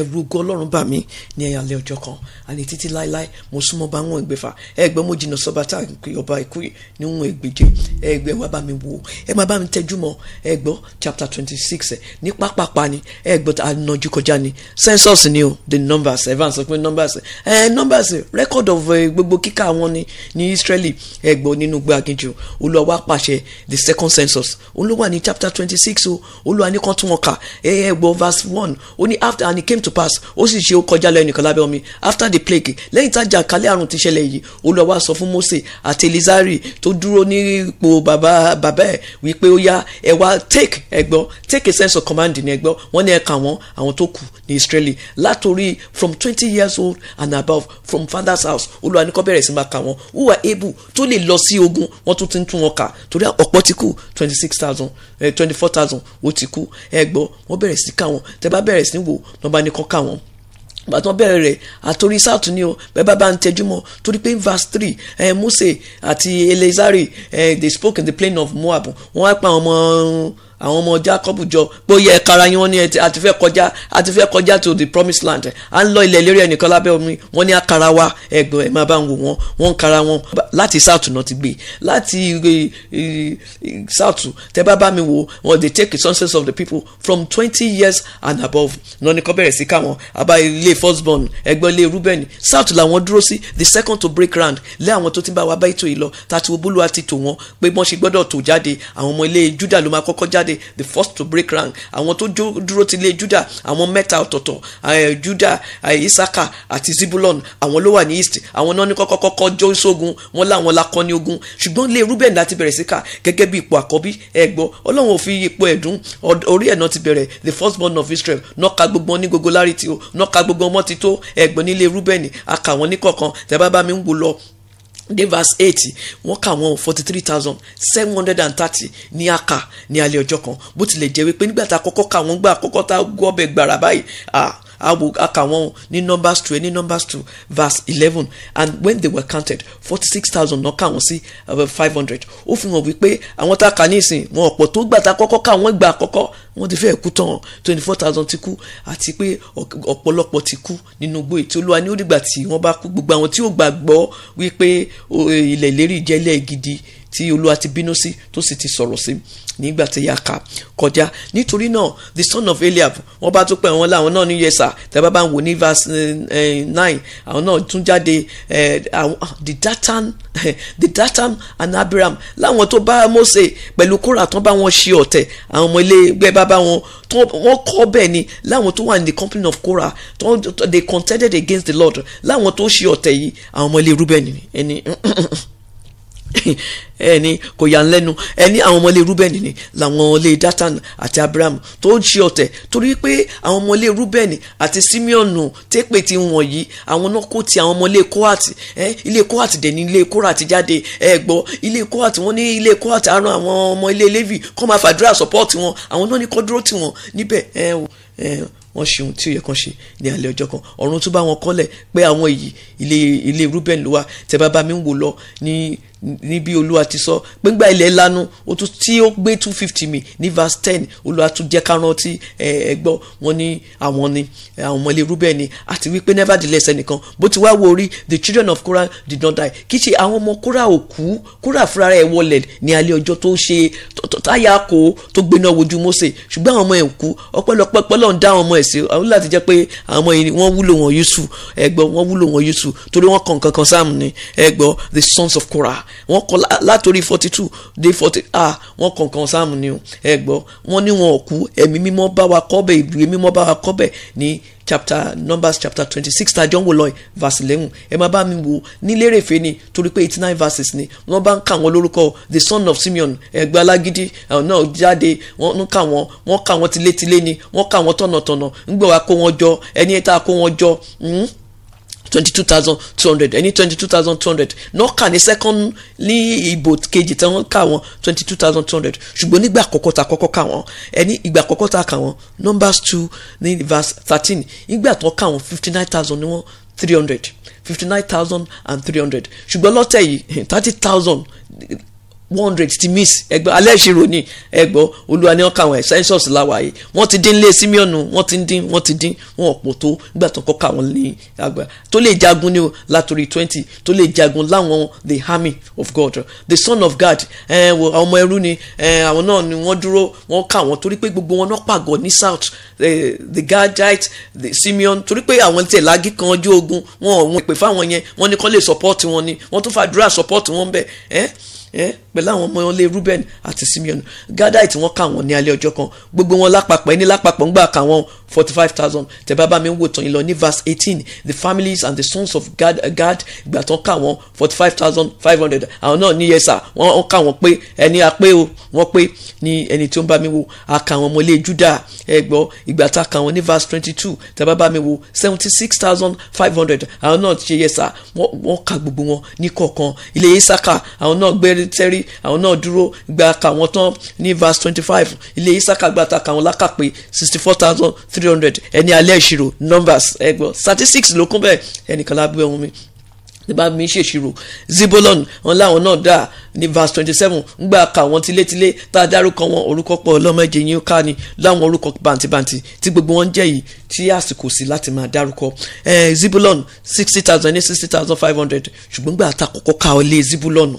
ẹ̀rù ogun ọlọ́run bà mí ní ẹ̀yàlẹ́ ọjọ́ kan ani titi láéláé mo súnmọ́ bá wọn ìgbẹ́fà ẹgbẹ́ mo jìnnà sọ́ba tá ọba ikú níwọ̀n ìgbèje ẹgbẹ́ wa bá mi wò ẹ má bá mi tẹ́jú mọ́ ẹgbọ́ chapter twenty six ẹ ní pápápá ni ẹgbọ́ ànájú kọjá ni census ni o the numbers ẹ bá ń sọ pé numbers ẹ numbers record of eh, gbogbo kíkà wọn ni ní Israeli ẹgbọ́ nínú gbàgìjì Olúwa pàṣẹ the second census olúwa ní chapter twenty six o Olúwa ní kan tún wọn kà ẹgbọ́ verse one ó ní after and it came to pass ó sì ṣe ó kọjá lẹ́nu ìkọlábẹ́ omi after the plékeléke lẹ́yìn tájà kálẹ̀ àrùn ti ṣẹlẹ̀ yìí olúwa sọ fún Mósè àti Elizari tó dúró ní ipò bàbá bàbá ẹ̀ wípé ó yá ẹ wá take ẹgbọ́n take a sense of command ní ẹgbọ́n wọ́n ní ẹ̀ka wọn àwọn tó kù ní Israeli látòrí from twenty years old and above from father's house olúwa ní kó bẹ̀rẹ̀ sí máa ka wọn who were able tó lè lọ sí ogun wọ́n tún ti ń tún wọn kà torí ọ̀pọ̀ ti kú twenty six thousand eh, twenty four thousand ó ti kú ẹgbọ́n wọ́n bẹ̀rẹ̀ sí ká wọn tẹ́ bá bẹ̀rẹ̀ sí wò lọ́ba ní kó ká wọn gbàtàn bẹ̀rẹ̀ rẹ̀ àtòrí sáàtún ni o bẹ́ẹ̀ bá bá ń tẹjú mọ́ torí pé verse three eh, Mose àti Eleazari eh, they spoke in the plain of Moab wọ́n á pa àwọn ọmọ àwọn ọmọ Jákọ́bù jọ pé ó yẹ ẹ̀kára yín wọ́n ní àti fẹ́ kọjá àti fẹ́ kọjá to the promised land à ń lọ ilẹ̀ lérí ẹnìkan lábẹ́ omi wọ́n ní àkàrà wa ẹ̀gbọ́n ẹ̀ máa bá ń wò wọ́n wọ́n ń kara wọn láti south náà ti gbé láti south tẹ́ bá bá mi wò wọ́n dey take the success of the people from twenty years and above náà ni kọ́ bẹ̀rẹ̀ sí káwọn àbá ilé first born ẹ̀gbọ́n ilé Reuben south làwọn dúró sí the second to break ground lé àwọn tó ti bá wa bá ètò yìí lọ tàti obólúwa ti tò wọn pé wọ́n ṣe gbọ́dọ̀ tó jáde àwọn ọmọ ilé Judah ló máa kọ́kọ́ jáde jáde the first to break rank àwọn tó dúró ti ilé juda àwọn mẹ́ta ọ̀tọ̀ọ̀tọ̀ juda isaka àti zibulon àwọn ló wà ní east àwọn náà ní kọ́kọ́kọ́kọ́ jó sógun wọn láwọn lakọni ogun ṣùgbọ́n ilé Ruben láti bẹ̀rẹ̀ síkà gẹ́gẹ́ bí ipò àkọ́bí ẹ̀gbọ́ ọlọ́run ò fi ipò ẹ̀dùn orí ẹ̀ náà ti bẹ̀rẹ̀ the first born of Israel náà ka gbogbo ní gbogbo lárí ti o náà ka gbogbo ọmọ ti tó ẹ̀gbọ́n nílé Rúbẹ́nì akàwọn ní kọ̀ọ̀kan tẹ́ bá bá mi ń wò lọ ní verse eight wọ́n kà wọ́n forty three thousand seven hundred and thirty ní aka ní alẹ́ ọjọ́ kan bó tilẹ̀ jẹ́ wípé nígbà tá a kọ́kọ́ kà wọ́n gbà àkọ́kọ́ tá a gbọ́ ọbẹ̀ gbàrà báyìí ah, aka wọn ní numbers two ní numbers two verse eleven and when they were counted forty six thousand náà kà wọ́n sí uh, five hundred ó fi hàn wípé àwọn tá a kà ní ìsìn wọn ọ̀pọ̀ tó gbà tá a kọ́kọ́ kà wọ́n gbà àkọ́kọ́ wọ́n ti fẹ́ẹ̀ kú tán twenty four thousand ti kú àti pé ọ̀pọ̀lọpọ̀ ti kú nínú igbó ètò olúwa ní ó dìgbà tí wọ́n bá kú gbogbo àwọn tí ó gbàgbọ́ wípé ilẹ̀ ìlérí jẹ́ ilẹ̀ gidi tí olúwa ti bínú sí tó sì ti sọ̀rọ̀ sí nígbà tí ya kà kọjá nítorí náà the son of Eliab wọ́n bá tún pè wọ́n láwọn náà ní yẹsà tẹ́lẹ̀ bá ń wò ní verse eh, eh, nine àwọn náà tún jáde eh, ah, the Datan the Datan and Abiram láwọn tó bá Mósè pẹ̀lú Kórà tán bá wọn ṣe ọ̀tẹ̀ àwọn ọmọ ilé ẹgbẹ́ bàbá wọn wọ́n kọ́ bẹ́ẹ̀ ni láwọn tó wà ní the company of Kórà they contended against the Lord láwọn tó ṣe ọ̀tẹ̀ yìí àwọn ọmọ ilé Rúbẹ́nì ẹni. ẹni kò yà ń lẹ́nu ẹni àwọn ọmọlé Rúbẹ́nì ni làwọn ọmọlé Dátàn àti Abraham tó ń ṣe ọ̀tẹ̀ torí pé àwọn ọmọlé Rúbẹ́nì àti Símíọ̀nù tẹ́pẹ̀ ti wọ̀n yìí àwọn náà kò ti àwọn ọmọlé Kóhàtì ilé Kóhàtì dẹ̀ ní ilé Kóhàtì jáde ẹ gbọ́ ilé Kóhàtì wọ́n ní ilé Kóhàtì àrùn àwọn ọmọ ilé Léfì kó máa fàdúrà sọ́pọ́ọ̀tì wọn àwọn náà ní kó dúró tì wọ́n níbẹ̀ ẹ wọ́n ṣe ohun tí ó yẹ kán ṣe ní alẹ́ ọjọ́ kan ọ̀run tún bá wọn kọ́lẹ̀ pé àwọn èyí ilé ilé Rúbẹ́nì ló wà tẹ́ bá bá mi wò lọ ní níbi olúwa ti sọ gbẹ́ngbà ilẹ̀ lanu o tún tí ó gbé two fifty mi ní verse ten olúwa tún jẹ́ ká rántí ẹgbọ́ wọn ní àwọn ni àwọn ọmọlé rúbẹ̀ ni àti wípé nevertheless ẹnìkan bó ti wá wo the children of Korah did not die kì í ṣe àwọn ọmọ Korah ò kú Korah fúnra rẹ̀ wọlẹ̀ ní alẹ́ ọjọ́ tó ṣe táyà kó tó gbéná wojú Mósè ṣùgbọ́n àwọn ọmọ ẹ̀ ń kú ọpẹ́lọpẹ́ pẹ́lọ́ ń dá àwọn ọmọ ẹ̀ sí àwọn láti jẹ́ the sons of Korah wọ́n kọ látòrí forty two dé forty ah wọ́n kankan sáàmù ni o ẹ gbọ́ wọ́n ní wọn ò kú ẹ̀mí mímọ́ bá wa kọ́ bẹ̀ ìbúyẹ mímọ́ bá wa kọ́ bẹ̀ ní chapter numbers chapter twenty six ta john wọlọ́ọ̀ verse eleven ẹ máa bá mi wò nílérèfé ni torí pé eighty nine verses ni wọ́n bá ń kà wọ́n lórúkọ the son of simeon ẹgbẹ́ alágídí àwọn náà jáde wọ́n ń kà wọ́n wọ́n kà wọ́n tilétilé ni wọ́n kà wọ́n tọ̀nàtọ̀nà ń gbọ́ wa kó wọn jọ ẹni tá kó wọn jọ hmm? twenty-two thousand two hundred ẹni twenty-two thousand two hundred náà kà ní second ní ìbò kejì tí wọ́n kà wọ́n twenty-two thousand two hundred ṣùgbọ́n nígbà àkọ́kọ́ ta kọ́kọ́ kà wọ́n ẹni ìgbà àkọ́kọ́ ta kà wọ́n numbers two ní verse thirteen ìgbà tó kà wọ́n fifty-nine thousand ní wọ́n three hundred fifty-nine thousand and three hundred ṣùgbọ́n lọ́tẹ̀ yìí thirty thousand one hundred ti miss ẹgbẹ́ alẹ́ ìṣirò ni ẹgbọ́ olúwa ni wọ́n kà wọ́n ẹ̀ census láwa yìí wọ́n ti dín lé simeon wọ́n ti dín wọ́n ti dín wọ́n ọ̀pọ̀ tó nígbà tó kọ́ kà wọ́n ní àgbà tó lè jagun ní o látòrí twenty tó lè jagun láwọn the army of God the son of God ọmọ ẹrú ni àwọn náà ni wọ́n dúró wọ́n kà wọ́n torí pé gbogbo wọn náà pàgọ́ ní south the gadite the simeon torí pé àwọn tẹ̀ lági kan ojú ogun wọn ò wọn pè fáwọn yẹn wọ́n ní kọ́ lè support wọn ni wọ́n tún fàdúrà support wọn bẹ́ẹ̀ pẹ̀lú àwọn ọmọ ilé Reuben àti Simeon Gádà tí wọ́n kà wọ́n ní alẹ́ ọjọ́ kan gbogbo wọn lápapọ̀ ẹni lápapọ̀ ń gbà kà wọ́n forty five thousand tẹ̀bá bá mi ń wò tán yín lọ ní verse eighteen the families and the sons of God, God, ìgbà tán kà wọ́n forty five thousand five hundred àwọn náà ní yẹsà wọ́n kà wọ́n pé ẹni apé o wọ́n pé ní ẹni tí ó ń bá mi wò a kà wọ́n ọmọlé Júdà ẹgbọ́ ìgbà tá a kà wọ́n ní verse twenty two tẹ̀bá bá mi wò seventy six thousand five hundred àwọn náà ti ṣe yẹsà wọ́n kà gbogbo wọn ní kọ̀ọ̀kan ilé Ísákà àwọn náà gbé tẹ́rí pé àwọn náà dúró gba kàwọn tán ní verse twenty five ilé isaka gba ta kàwọn lákàpé sixty four thousand three hundred ẹni alẹ́ ìṣirò numbers Thirty-six ló kún bẹ́ẹ̀ ẹnìkan lábẹ́ ohun mi ní bá mi ṣèṣirò zibolon wọn láwọn náà dáa ní verse twenty seven ngbà ka àwọn tilétilé tá a dárúkọ wọn orúkọ pọ̀ ọlọ́mọdé yín ká ni láwọn orúkọ bàǹtìbàǹtì tí gbogbo wọn jẹ́ yìí tí àsìkò sí láti máa dárúkọ eh, Zebulon sixty thousand ní sixty thousand five hundred ṣùgbọ́n gbà tá a kọ́kọ́ ka ọ lé Zebulon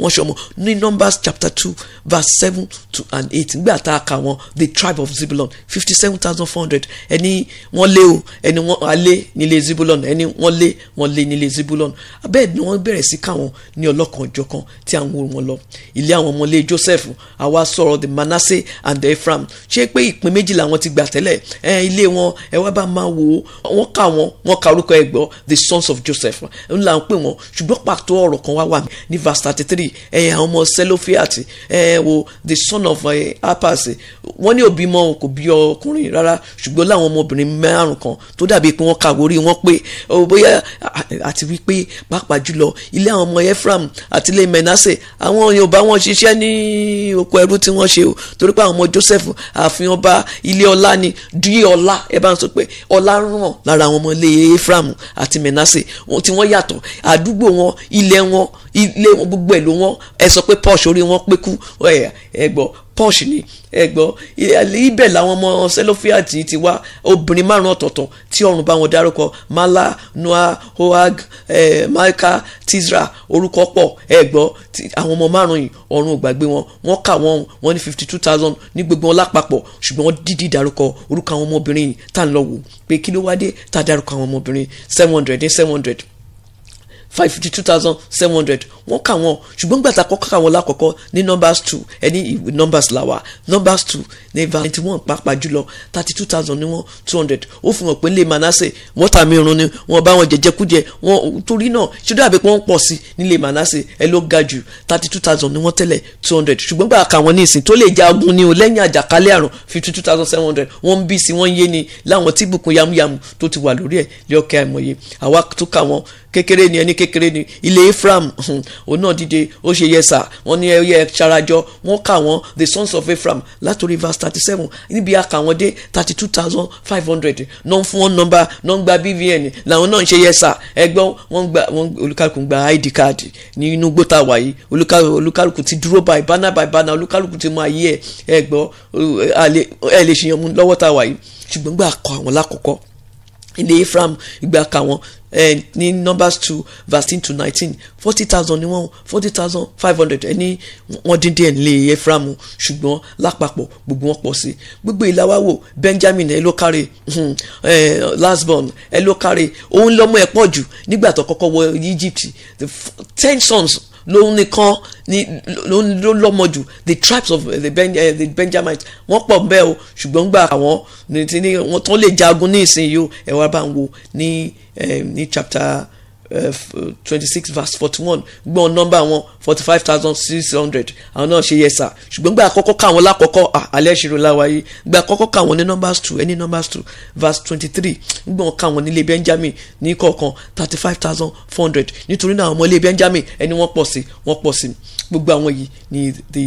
wọ́n ṣọmọ ní Numbers chapter two verse seven to and eight ngbà tá a ka wọn the tribe of Zebulon fifty seven thousand four hundred ẹni wọ́n lé o ẹni wọ́n alé nílé Zebulon ẹni wọ́n lé wọ́n lé nílé Zebulon abẹ́ẹ̀ ni wọ́n bẹ̀rẹ̀ sí káwọn ní ọlọ́kan ọjọ́ kan tí à ń wò wọn lọ ilé àwọn ọmọlé Joseph àwa sọ̀rọ̀ the Manasseh and the Ephraim ṣé pé ìpín méjì làwọn ti gbà tẹ́lẹ̀ ẹ ilé wọn ẹ wá bá máa wò ó wọ́n kà wọ́n wọ́n kà orúkọ ẹ gbọ́ the sons of Joseph ń là ń pè wọ́n ṣùgbọ́n pàtó ọ̀rọ̀ kan wá wà ní verse thirty three ẹ àwọn ọmọ Selofiat ẹ wo the son of Appas wọ́n ní òbí mọ́ kò bí ọkùnrin rárá ṣùgbọ́n láwọn ọmọbìnrin márùn kan tó dàbí pé wọ́n kàwé orí wọn pé oh, bóyá àti wípé pàápàá jùlọ ilé àwọn ọmọ Ephraim àti Mẹ́násè àwọn Yorùbá wọn ṣiṣẹ́ ní oko ẹrú tí wọ́n ṣe o torí pé àwọn ọmọ Joseph àfihàn ọba ilé ọlá ni díẹ̀ ọlá ẹ bá ń sọ pé ọlá ràn lára àwọn ọmọ ilé Ephraim àti Mẹ́násè tí wọ́n yàtọ̀ àdúgbò wọn ilé wọn ilé wọn gbogbo ẹ̀ ló wọn ẹ sọ pé pọ́ọ̀ṣì orí wọn pé kú ẹ gbọ́ punch ni ẹgbọ́ ibẹ̀ làwọn ọmọ sẹlófíàtì ti wá obìnrin márùn ọ̀tọ̀ọ̀tọ̀ tí ọ̀run bá wọn dárúkọ mala noah hoag eh, maika tizra orúkọ pọ̀ ẹgbọ́ àwọn ọmọ márùn yìí ọ̀run ò gbàgbé wọn wọ́n kà wọ́n wọ́n ní fifty two thousand ní gbogbo wọn lápapọ̀ ṣùgbọ́n wọ́n dídí dárúkọ orúkọ àwọn ọmọbìnrin yìí tá à ń lọ wò pé kí ló wá dé tá a dárúkọ àwọn ọmọbìnrin seven hundred ní seven hundred five fifty two thousand seven hundred wọ́n kà wọ́n ṣùgbọ́n gbàtà kọ́kọ́ kà wọ́n lákọ̀ọ́kọ́ ní numbers two ẹni ìwé numbers làwà numbers two ní verse ninety one pàápàá jùlọ thirty two thousand ní wọ́n two hundred ó fi hàn pé nílé Manasseh wọ́n ta mi irun ni wọ́n bá wọn jẹjẹkújẹ wọ́n torí náà ṣùgbọ́n àbí pé pọ̀ sí nílé Manasseh ẹ ló ga jù thirty two thousand ní wọ́n tẹ́lẹ̀ two hundred ṣùgbọ́n gbà kà wọ́n ní ìsìn tó lè jagun ni o lẹ́yìn àjàkálẹ̀ àrùn fifty two thousand seven hundred wọ́n ń bí sí wọ́n ń yé ni láwọn tí bùkún yamuyamu tó ti wà lórí ẹ̀ kékeré ni ẹni kékeré ni ilé Ephraim òun náà dìde ó ṣe yẹsà wọ́n ní ẹyẹ ṣarajọ wọ́n kà wọ́n the sons of Ephraim látòrí verse thirty seven níbi a kà dé thirty two thousand five hundred non fún wọn non nọ́mbà BVN làwọn náà ń ṣe yẹsà ẹgbọ́n wọ́n gba wọ́n olùkálùkù ń gba ID card ní inú gbọ́tà wáyé olùkálùkù ti dúró báyìí bánà báyìí bánà olùkálùkù ti máa yí ẹ ẹgbọ́n ẹ lè ṣèyàn mú lọ́wọ́ tá wáyé ṣùgbọ́n gbà kọ àwọn lákòókò ilé Ephraim ìgbà ka wọn eh, ní numbers two verse to nineteen forty thousand ni wọ́n forty thousand five hundred ẹni wọ́n dín díẹ̀ nílé Ephraim ṣùgbọ́n lápapọ̀ gbogbo wọn pọ̀ sí gbogbo ìlà Benjamin ẹ ló kárẹ̀ lasbon ẹ ló kárẹ̀ òun lọ́mọ ẹ̀ pọ̀ jù nígbà tó kọ́kọ́ wọ Egypt the ten sons lòun nìkan ni ló lọ́mọ jù the tribes of the, ben, uh, the Benjamites wọ́n pọ̀ bẹ́ẹ̀ o ṣùgbọ́n gbà àwọn ní wọ́n tán lè jagun ní ìsinyìí o ẹ̀ wá bá ń wo ní eh, chapter. Uh, uh, twenty six verse forty one gbọ́n nọ́mbà wọn forty five thousand six hundred àwọn náà ṣe yẹsà ṣùgbọ́n gbà àkọ́kọ́ kà wọ́n lákọ́kọ́ ah, alẹ́ ṣirò láwáyé gbà àkọ́kọ́ kà wọ́n ní numbers two ẹni numbers two verse twenty three gbọ́n kà wọ́n nílé benjamin ní kọ̀ọ̀kan thirty five thousand four hundred nítorí náà àwọn ọmọ ilé benjamin ẹni wọ́n pọ̀ sí wọ́n pọ̀ sí gbogbo àwọn yìí ni the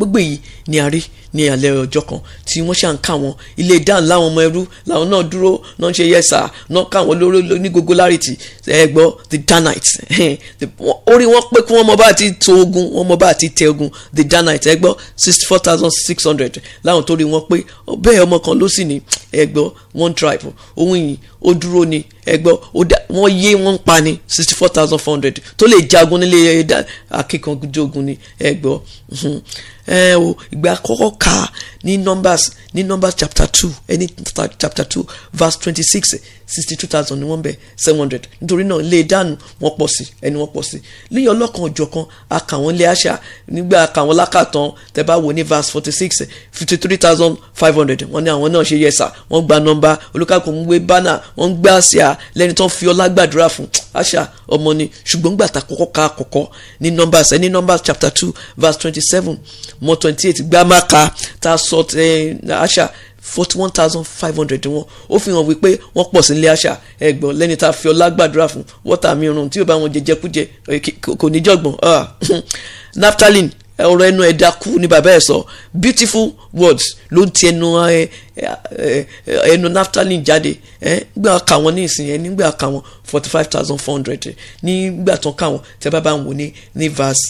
gbogbo èyí ni a rí ní alẹ́ ọjọ́ kan tí wọ́n ṣà ká wọn ilé Dan láwọn ọmọ ẹrú làwọn náà dúró náà ṣe yẹsà náà ká wọn lórí ní gbogbo lárìtì ẹgbọ́ the Danites orí wọn pé kí wọ́n mọ bá ti to ogun wọ́n mọ bá ti tẹ ogun the Danites ẹgbọ́ sixty four thousand six hundred láwọn tó rí wọn pé bẹ́ẹ̀ ọmọ kan ló sì ní ẹgbọ́ one tribe ohun yìí ó dúró ni ẹgbọ́ wọ́n yé wọ́n ń pa ni sixty four thousand four hundred tó lè jagun nílé akíkanjogun ni ẹgbọ́ ẹ o ìgbà àkọ́kọ́ kà ní numbers ní numbers chapter two ẹni chapter two verse twenty six sixty two thousand ni wọ́n bẹ̀ seven hundred nítorí náà lè e dànù wọ́n pọ̀ sí ẹni wọ́n pọ̀ sí ní ọlọ́kan ọ̀jọ̀kan àkàwọn lé àṣà nígbà àkàwọn lákàtàn tẹ́ wò ní verse forty six fifty three thousand five hundred wọ́n ní àwọn náà ṣe yẹsà wọ́n gba nọ́mbà olùkàkùn ń gbé bánà wọ́n ń gbé àṣà lẹ́ni tó ń fi ọlá gbàdúrà fún àṣà ọmọ ni ṣùgbọ́n gbàtà kọ́kọ́ ká àkọ́kọ́ ní nọ́mbà sẹ́ni nọ́mbà chapter two verse twenty seven mọ́ twenty eight gbàmáka tá a sọ àṣà forty one thousand five hundred wọn ó fi hàn wípé wọ́n pọ̀ sí ilé àṣà ẹ̀gbọ́n lẹ́ni tá a fi ọlá gbàdúrà fún wọ́tà mi rùn tí ó bá wọn jẹjẹ kújẹ kò ní jọ̀gbọ̀n ah, naphthalene ọ̀rọ̀ ẹnu ẹ̀dá kú ni bàbá ẹ̀ sọ beautiful words ló ń ti ẹnu ẹnu naphthalene jáde nígbà ká wọn ní ìsìn yẹn nígbà ká wọn forty five thousand four hundred nígbà tán ká wọn tẹ bá bá ń ní ní verse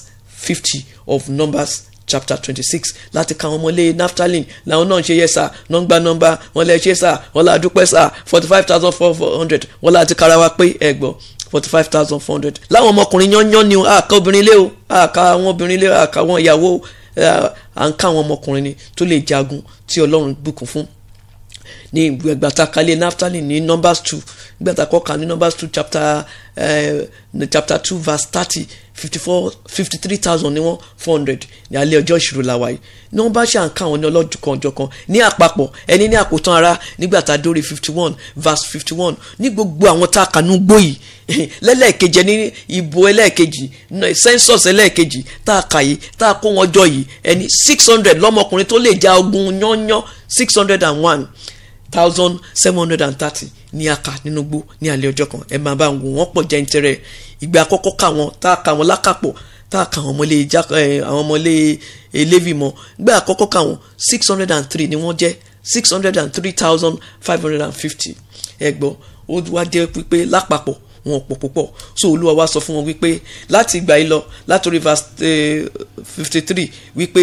fifty of numbers chapter twenty six láti ka wọn mọ́lé naftalin làwọn náà ń ṣe yẹsà nọ́ngbà nọ́mbà wọn lè ṣe sà wọn là dúpẹ́ sà forty five thousand four hundred wọn láti kara wa pé ẹ̀gbọ́n forty five thousand four hundred láwọn ọmọkùnrin yánnyán ni àka obìnrin lé o àka àwọn obìnrin lé o àka àwọn ìyàwó à ń ká àwọn ọmọkùnrin ni tó lè jagun tí Ọlọ́run bùkún fún ní ìgbàgbàta kalẹ̀ naftali ní numbers two ìgbàgbàta kọ́ka ní numbers two chapter uh, chapter two verse thirty fifty four fifty three thousand ní wọ́n four hundred ní alẹ́ ọjọ́ ìṣirò làwà yìí nọ́mbà ṣà ń ká àwọn ní ọlọ́dúnkan ọjọ́kan ní àpapọ̀ ẹni ní àkótán ara nígbà dórí fifty one verse fifty one ní gbogbo àwọn tá a kànú gbó yìí lẹ́lẹ́ẹ̀kejì ní ìbò ẹlẹ́ẹ̀kejì census ẹlẹ́ẹ̀kejì tá a kà yìí tá a kó wọn jọ yìí ẹni six hundred lọ́mọkùnrin tó lè ja ogun yányán six hundred and one thousand seven hundred and thirty ní aka nínú gbó ní alẹ́ ọjọ́ kan ẹ máa bá wò wọ́n pọ̀ jẹ́ntẹrẹ ìgbà àkọ́kọ́ kà wọ́n tá a kà wọ́n lákàpọ̀ tá a kà wọ́n mọ́lé àwọn ọmọlé elévi mọ́ ìgbà àkọ́kọ́ kà wọ́n six hundred and three ni wọ́n jẹ́ six hundred and three thousand five hundred and fifty ẹ gbọ́ ó wá jẹ́ pípé lápapọ̀ wọn pọ̀ púpọ̀ so olúwa wá sọ fún wọn wípé láti ìgbà yìí lọ látòrí verse fifty three wípé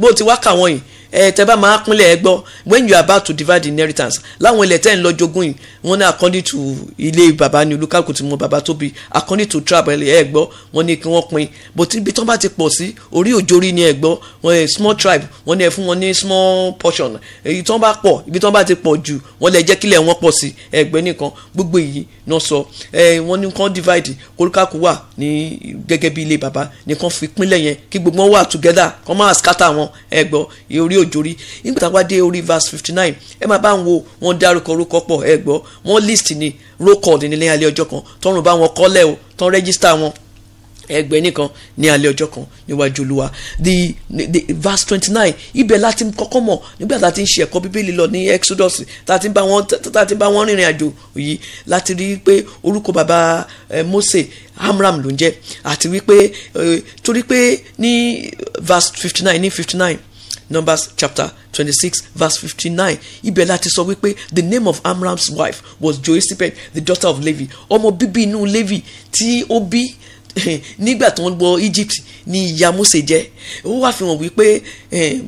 bó ti wá kà wọ́n yìí ẹ eh, tẹ bá máa pínlẹ̀ ẹ gbọ́ when you are about to divide the inheritance láwọn ilẹ̀ tẹ́ ń lọ jogún yìí wọ́n ní according to ilé baba ni olùkàkùn ti mọ baba tó bi according to tribe ẹ gbọ́ wọ́n ní kí wọ́n pín bòtí ibi tán bá ti pọ̀ sí orí òjòrí ni ẹ gbọ́ wọ́n ẹ small tribe wọ́n ní ẹ fún wọn ní small portion èyí tán bá pọ̀ ibi tán bá ti pọ̀ jù wọ́n lè jẹ́ kílẹ̀ wọn pọ̀ sí ẹgbẹ́ nìkan gbogbo èyí náà sọ ẹ wọ́n ní kán divide kólúkàkù wà ní gẹ́gẹ́ bí ilé baba nìkan fi pínlẹ̀ yẹn kí gbogbo wọn wà together kán máa scatter wọn ẹ gbọ́ orí òjò rí nígbà táwa dé orí verse fifty nine ẹ máa bá ń wo wọn dárúkọ orúkọ pọ̀ ẹ gbọ́ wọn list ni rókọ̀ọ̀dì nílé alẹ́ ọjọ́ kan tọrùn bá wọn kọ́lẹ̀ o tán rẹ́gísítà wọn ẹgbẹ́ nìkan ní alẹ́ ọjọ́ kan níwájú olúwa the the verse twenty nine ibẹ̀ láti kọ́kọ́ mọ̀ nígbà tá a ti ń ṣe ẹ̀kọ́ bíbélì lọ ní exodus tá a ti bá wọn tá a ti bá wọn rìnrìn àjò yìí láti rí i pé orúkọ bàbá mose amram ló ń jẹ́ àti wípé torí pé ní verse fifty nine ní fifty nine numbers chapter twenty-six verse fifty-nine ibẹ̀ láti sọ wípé the name of amram's wife was joisipet the daughter of levi ọmọ bíbí inú levi tí ó bí nígbà tó ń gbọ egypt ni ìyá mose jẹ ó wá fi hàn wípé eh,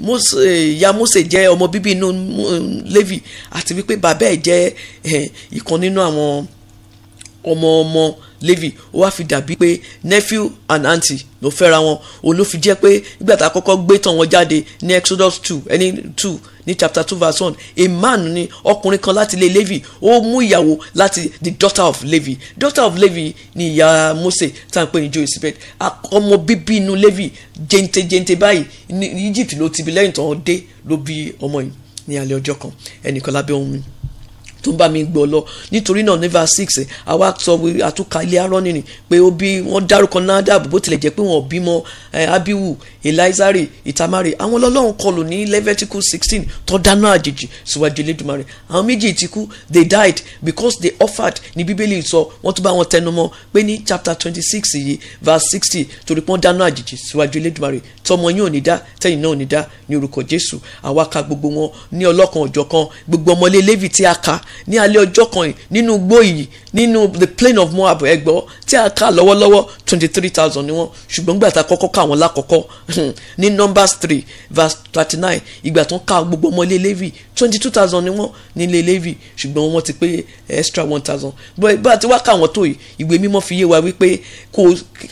ìyá mose jẹ ọmọ bíbí inú eh, levi àti wípé bàbá ẹ̀ jẹ eh, ìkan nínú àwọn ọmọ ọmọ levi ó wá fi dàbí pé nephew and aunty ló fẹ́ra wọn òun ló fi jẹ́ pé nígbà tá a kọ́kọ́ gbé tàn wọ́n jáde ní exodus two ẹni two ní chapter two verse one a man ni ọkùnrin kan láti ilé levi ó mú ìyàwó láti the daughter of levi daughter of levi ni ìyá mose tá à ń pè ní joisibet ọmọ bíbí inú levi jentejente báyìí ní egypt ló ti bí lẹ́yìn tó ń dé ló bí ọmọ yìí ní alẹ́ ọjọ́ kan ẹnìkan lábẹ́ ohun mi tó bá mi gbọ́ lọ nítorí náà never six àwa sọ àtúkà ilé arọ́nì ni pé ó bí wọ́n dárúkọ Nádàbù bó tilẹ̀ jẹ́ pé wọ́n bímọ eh, Abihu Elizari Itamari àwọn ọlọ́run kọlù ní Leviticus sixteen tó dáná àjèjì síwájú Elédùmarè àwọn méjì ti kú they died because they offered ní bíbélì sọ wọ́n tún bá wọn tẹnu mọ́ pé ní chapter twenty six yìí verse sixty torí pé wọ́n dáná àjèjì síwájú Elédùmarè tọmọ yín ò ní dá tẹ́yìn náà ò ní dá ní orúkọ Jésù àwa ka gbogbo wọn ní ọlọ́kan òjọ̀kan gbogbo ọmọlé Léfì tí a ka ní alẹ́ ọjọ́ kan yìí nínú igbó yìí nínú the plain of Moab ẹgbọ́ tí a kà lọ́wọ́lọ́wọ́ twenty three thousand ni wọ́n ṣùgbọ́n gbà tá a kọ́kọ́ kà wọ́n lákọ́kọ́ ní numbers three verse thirty nine ìgbà tó ń ka gbogbo ọmọ ilé Léfì twenty two thousand ni wọ́n ní ilé Léfì ṣùgbọ́n wọ́n ti pé extra one thousand bọ́ bá a ti wá kà wọ́n tó yìí ìwé mímọ́ fi yé wa wípé kò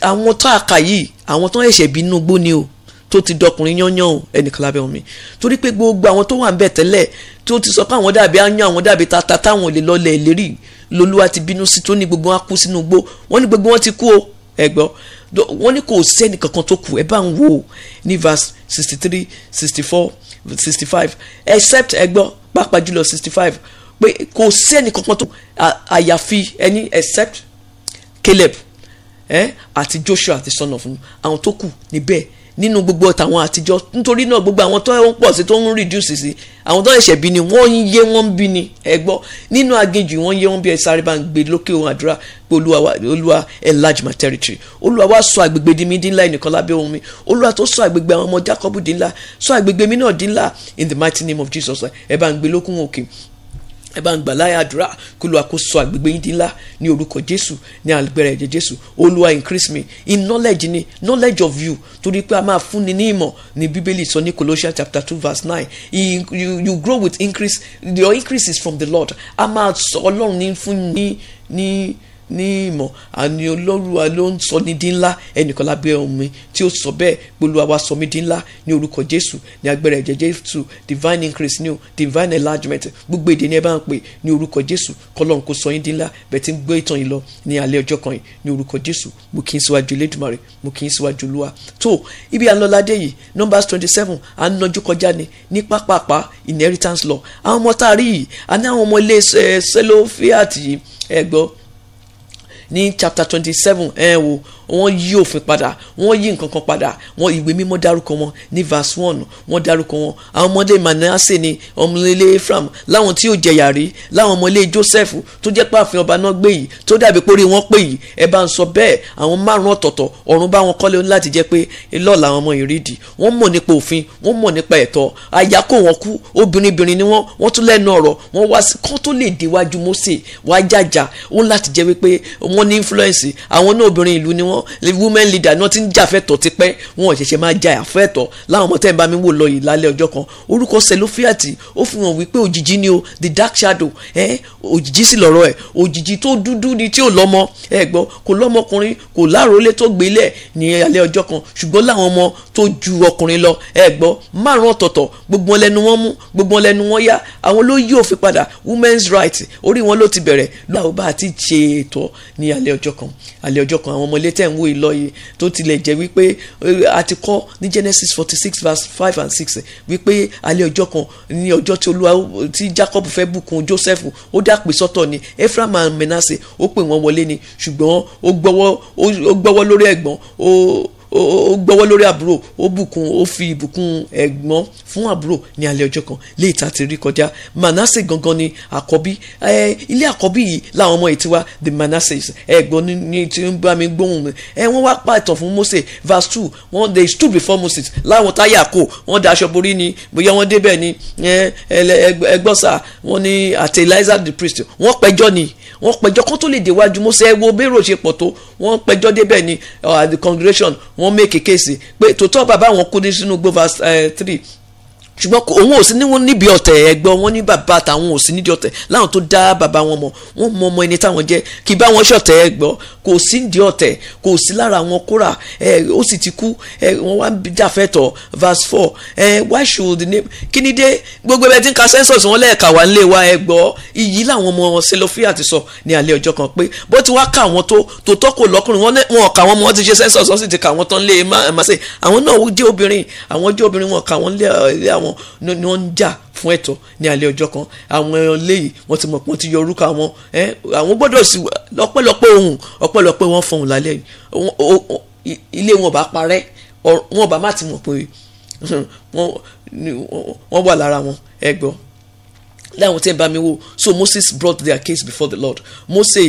àwọn tó àkà yìí àwọn tó ń ṣẹ̀ṣẹ̀ bínú gbó ni o tó ti dọkùnrin yányán o ẹnìkan lábẹ́ omi torí pé gbogbo àwọn tó wà ń bẹ̀ tẹ́lẹ̀ tó ti sọ pé àwọn dàbí aáyán àwọn dàbí tata táwọn ò lè lọlẹ̀ lérí lolúwa ti bínú sí tó ní gbogbo wọn kú sínú igbó wọn ní gbogbo wọn ti kú o ẹ wọn ní kò sẹ́ni kankan tó kù ẹ bá ń wò ní verse sixty three sixty four sixty five except ẹ gbọ́ pàápàá jùlọ sixty five pé kò sẹ́ni kankan tó àyàfi ẹni except Caleb eh? àti Joshua àti son of àwọn tó kù níbẹ̀ nínú gbogbo ọ̀tàwọn àtijọ́ nítorí náà gbogbo àwọn tó ń pọ̀ sí tó ń reduce sí àwọn tó ẹ̀ṣẹ̀ bí ni wọ́n ń yé wọ́n bí ni ẹ gbọ́ nínú aginjù wọ́n ń yé wọ́n bí ẹ sáré bá ń gbé lókè ohun àdúrà pé olúwa enlarge my territory olúwa wá sọ àgbègbè di mi dín ńlá ẹnìkan lábẹ́ ohun mi olúwa tó sọ àgbègbè àwọn ọmọ Jacob dín ńlá sọ àgbègbè mi náà dín ńlá in the mighty name of Jesus ẹ bá ń gbé lókun òkè ẹ bá ń gbà láyé àdúrà kí olúwa kó sọ àgbègbè yín di ńlá ní orúkọ jésù ní àgbẹ̀rẹ̀ ẹ̀jẹ̀ jésù olúwa increase me in knowledge ni knowledge of you torí pé a máa fúnni ní ìmọ̀ ní bíbélì sọ ní colossians chapter two verse nine you, you grow with increase your increase is from the lord a máa sọ ọlọ́run ní fún ní ní ní ìmọ̀ àní olóruwa ló ń sọ ní dín ńlá ẹnìkan lábẹ́ omi tí ó sọ bẹ́ẹ̀ gbólúwa wa sọ mí dín ńlá ní orúkọ jésù ní agbára ẹ̀jẹ̀ jésù divine increase new divine enlargement gbogbo èdè ní ẹ bá ń pè ní orúkọ jésù kọlọ́n kó sọ yín dín ńlá bẹ́ẹ̀ tí ń gbé ìtàn yìí lọ ní alẹ́ ọjọ́ kan yìí ní orúkọ jésù mo kì í síwájú elédùmarè mo kì í síwájú olúwa tó ibi àlọ́ládé yìí numbers twenty seven à ń nọjú kọjá ni ní pápápá inheritance law àwọn ọmọ tá a rí yìí àní àwọn ọmọ ilé eh, sẹlófíàtì yìí ẹ gbọ́ ní chapter twenty seven ẹ wo wọ́n yí òfin padà wọ́n yí nǹkan kan padà wọ́n ìwé mímọ́ dárúkọ wọn ní verse one wọ́n dárúkọ wọn àwọn ọmọdé Manasseh ni ọmọlélé Ephraim láwọn tí ò jẹyà rí láwọn ọmọlé Joseph tó jẹ́ pààfin ọba náà gbé yìí tó dàbí pé orí wọn pé yìí ẹ bá ń sọ bẹ́ẹ̀ àwọn márùn ọ̀tọ̀ọ̀tọ̀ ọ̀run bá wọn kọ́lé láti jẹ́ pé lọ́ọ̀lá àwọn ọmọ ìrídìí wọ́n mọ̀ nípa òfin wọ́n mọ̀ nípa ẹ̀tọ́ aya kò wọ́n kú obìnrinbìnrin ni wọ́n wọ́n tún lẹ́nu ọ̀rọ̀ wọ́n wá sí kán tó lè déwájú Mósè wá jàjà ó láti jẹ́ wípé wọ́n wọ́n ní influence àwọn náà obìnrin ìlú ni wọ́n women leader ni wọ́n ti ń jà fẹ́tọ̀ tipẹ́ wọn ò ṣẹ̀ṣẹ̀ máa jà àfẹ́tọ̀ láwọn ọmọ tẹ́ ń bá mi wò lọ yìí lálẹ́ ọjọ́ kan orúkọ sẹlófíàtì ó fi hàn wípé òjìji ni o the dark shadow ẹ òjìji sì lọ́rọ̀ ẹ̀ òjìji tó dúdú ni tí ò lọ́mọ ẹ gbọ́ kò lọ́mọkùnrin kò láròólé tó gbélé ní alẹ́ ọjọ́ kan ṣùgbọ́n láwọn ọmọ tó ju ọkùnrin lọ ẹ gbọ́ márùn ọ̀tọ̀ọ̀tọ̀ gbogbo lẹ́nu wọn mú gbogbo lẹ́nu wọn yá àwọn ló yí òfin padà women's right orí wọn ló ti bẹ̀rẹ̀ lọ́wọ́ bá a ti ṣe ètò ní alẹ́ ọjọ́ kan alẹ́ ọjọ́ kan àwọn ọmọ tẹ̀ ń wo ìlọ tó tilẹ̀ jẹ́ wípé eh, a ti kọ́ ní Genesis forty six verse five and six wípé alẹ́ ọjọ́ kan ní ọjọ́ tí olúwa tí Jacob fẹ́ bùkún Joseph ó dàpè sọ́tọ̀ ni Ephraim and Manasseh ó pè wọ́n wọlé ni ṣùgbọ́n ó gbọ́wọ́ lórí ẹ̀gbọ́n ó ó gbọ́wọ́ lórí àbúrò ó bùkún ó fi ìbùkún ẹ̀gbọ́n fún àbúrò ní alẹ́ ọjọ́ kan léyìí tá a ti rí kọjá Manasse gangan ni àkọ́bí ilé àkọ́bí yìí làwọn ọmọ ìtiwa the Manasses ẹ̀gbọ́n ní tí ń bá mi gbóhùn mi ẹ wọ́n wá pa ìtàn fún Mose verse two wọ́n they stood before Moses láwọn táyà kò wọ́n da aṣọ borí ni bóyá wọ́n débẹ̀ ni ẹgbọ́sà wọ́n ní àti Eliza the priest wọ́n pẹjọ́ ni wọ́n pẹjọ́ kó tó lè déwájú Mósè ẹ wo bẹ́rò ṣe pọ̀ tó wọ́n pẹjọ́ débẹ̀ ni uh, the congregation wọ́n make a case pé tòótọ́ bàbá àwọn kú ní sínú gbó verse uh, three ṣùgbọ́n òun ò sí níwọ̀n níbi ọ̀tẹ̀ ẹ̀gbọ́n wọn ní bàbá àtàwọn ò sí nídìí ọ̀tẹ̀ láwọn tó dá bàbá wọn mọ̀ wọn mọ ọmọ ẹni táwọn jẹ́ kì í bá wọn ṣọ̀tẹ̀ ẹ̀gbọ́n kò sí nídìí ọ̀tẹ̀ kò sí lára wọn kóra ẹ̀ ó sì ti kú ẹ̀ wọ́n wá ń jàfẹ́tọ̀ verse four ẹ̀ why should the name kí ni dé gbogbo ẹbẹ tí ń ka census wọn lẹ́ẹ̀ka wà nílé wa ẹ̀gbọ́n iyì làwọn ọmọ selofia ti sọ ní alẹ́ ọjọ́ kan pé bó ti wá ká àwọn tó tó tọ́kọ̀ lọ́kùnrin wọn wọn kà wọn mọ wọn ti ṣe census wọn sì ti kà wọn tán lé ẹ e má ṣe àwọn náà jẹ́ obìnrin àwọn jẹ́ obìnrin wọn kà wọn lé àwọn wọn ni wọ́n ń jà fún ẹ̀tọ́ ní alẹ́ ọjọ́ kan àwọn eléyìí wọ́n ti mọ̀ pé wọ́n ti yọ orúkọ àwọn àwọn gbọ́dọ̀ sí ọpẹ́lọpẹ́ ohun ọpẹ́lọpẹ́ wọ́n fọhùn lálẹ́ yìí ilé wọn bá parẹ́ wọn bá má ti mọ̀ pé wọ́n wà lára wọn ẹ gbọ́ láwọn tẹ́ ń bá mi wò so Moses brought their case before the Lord Mose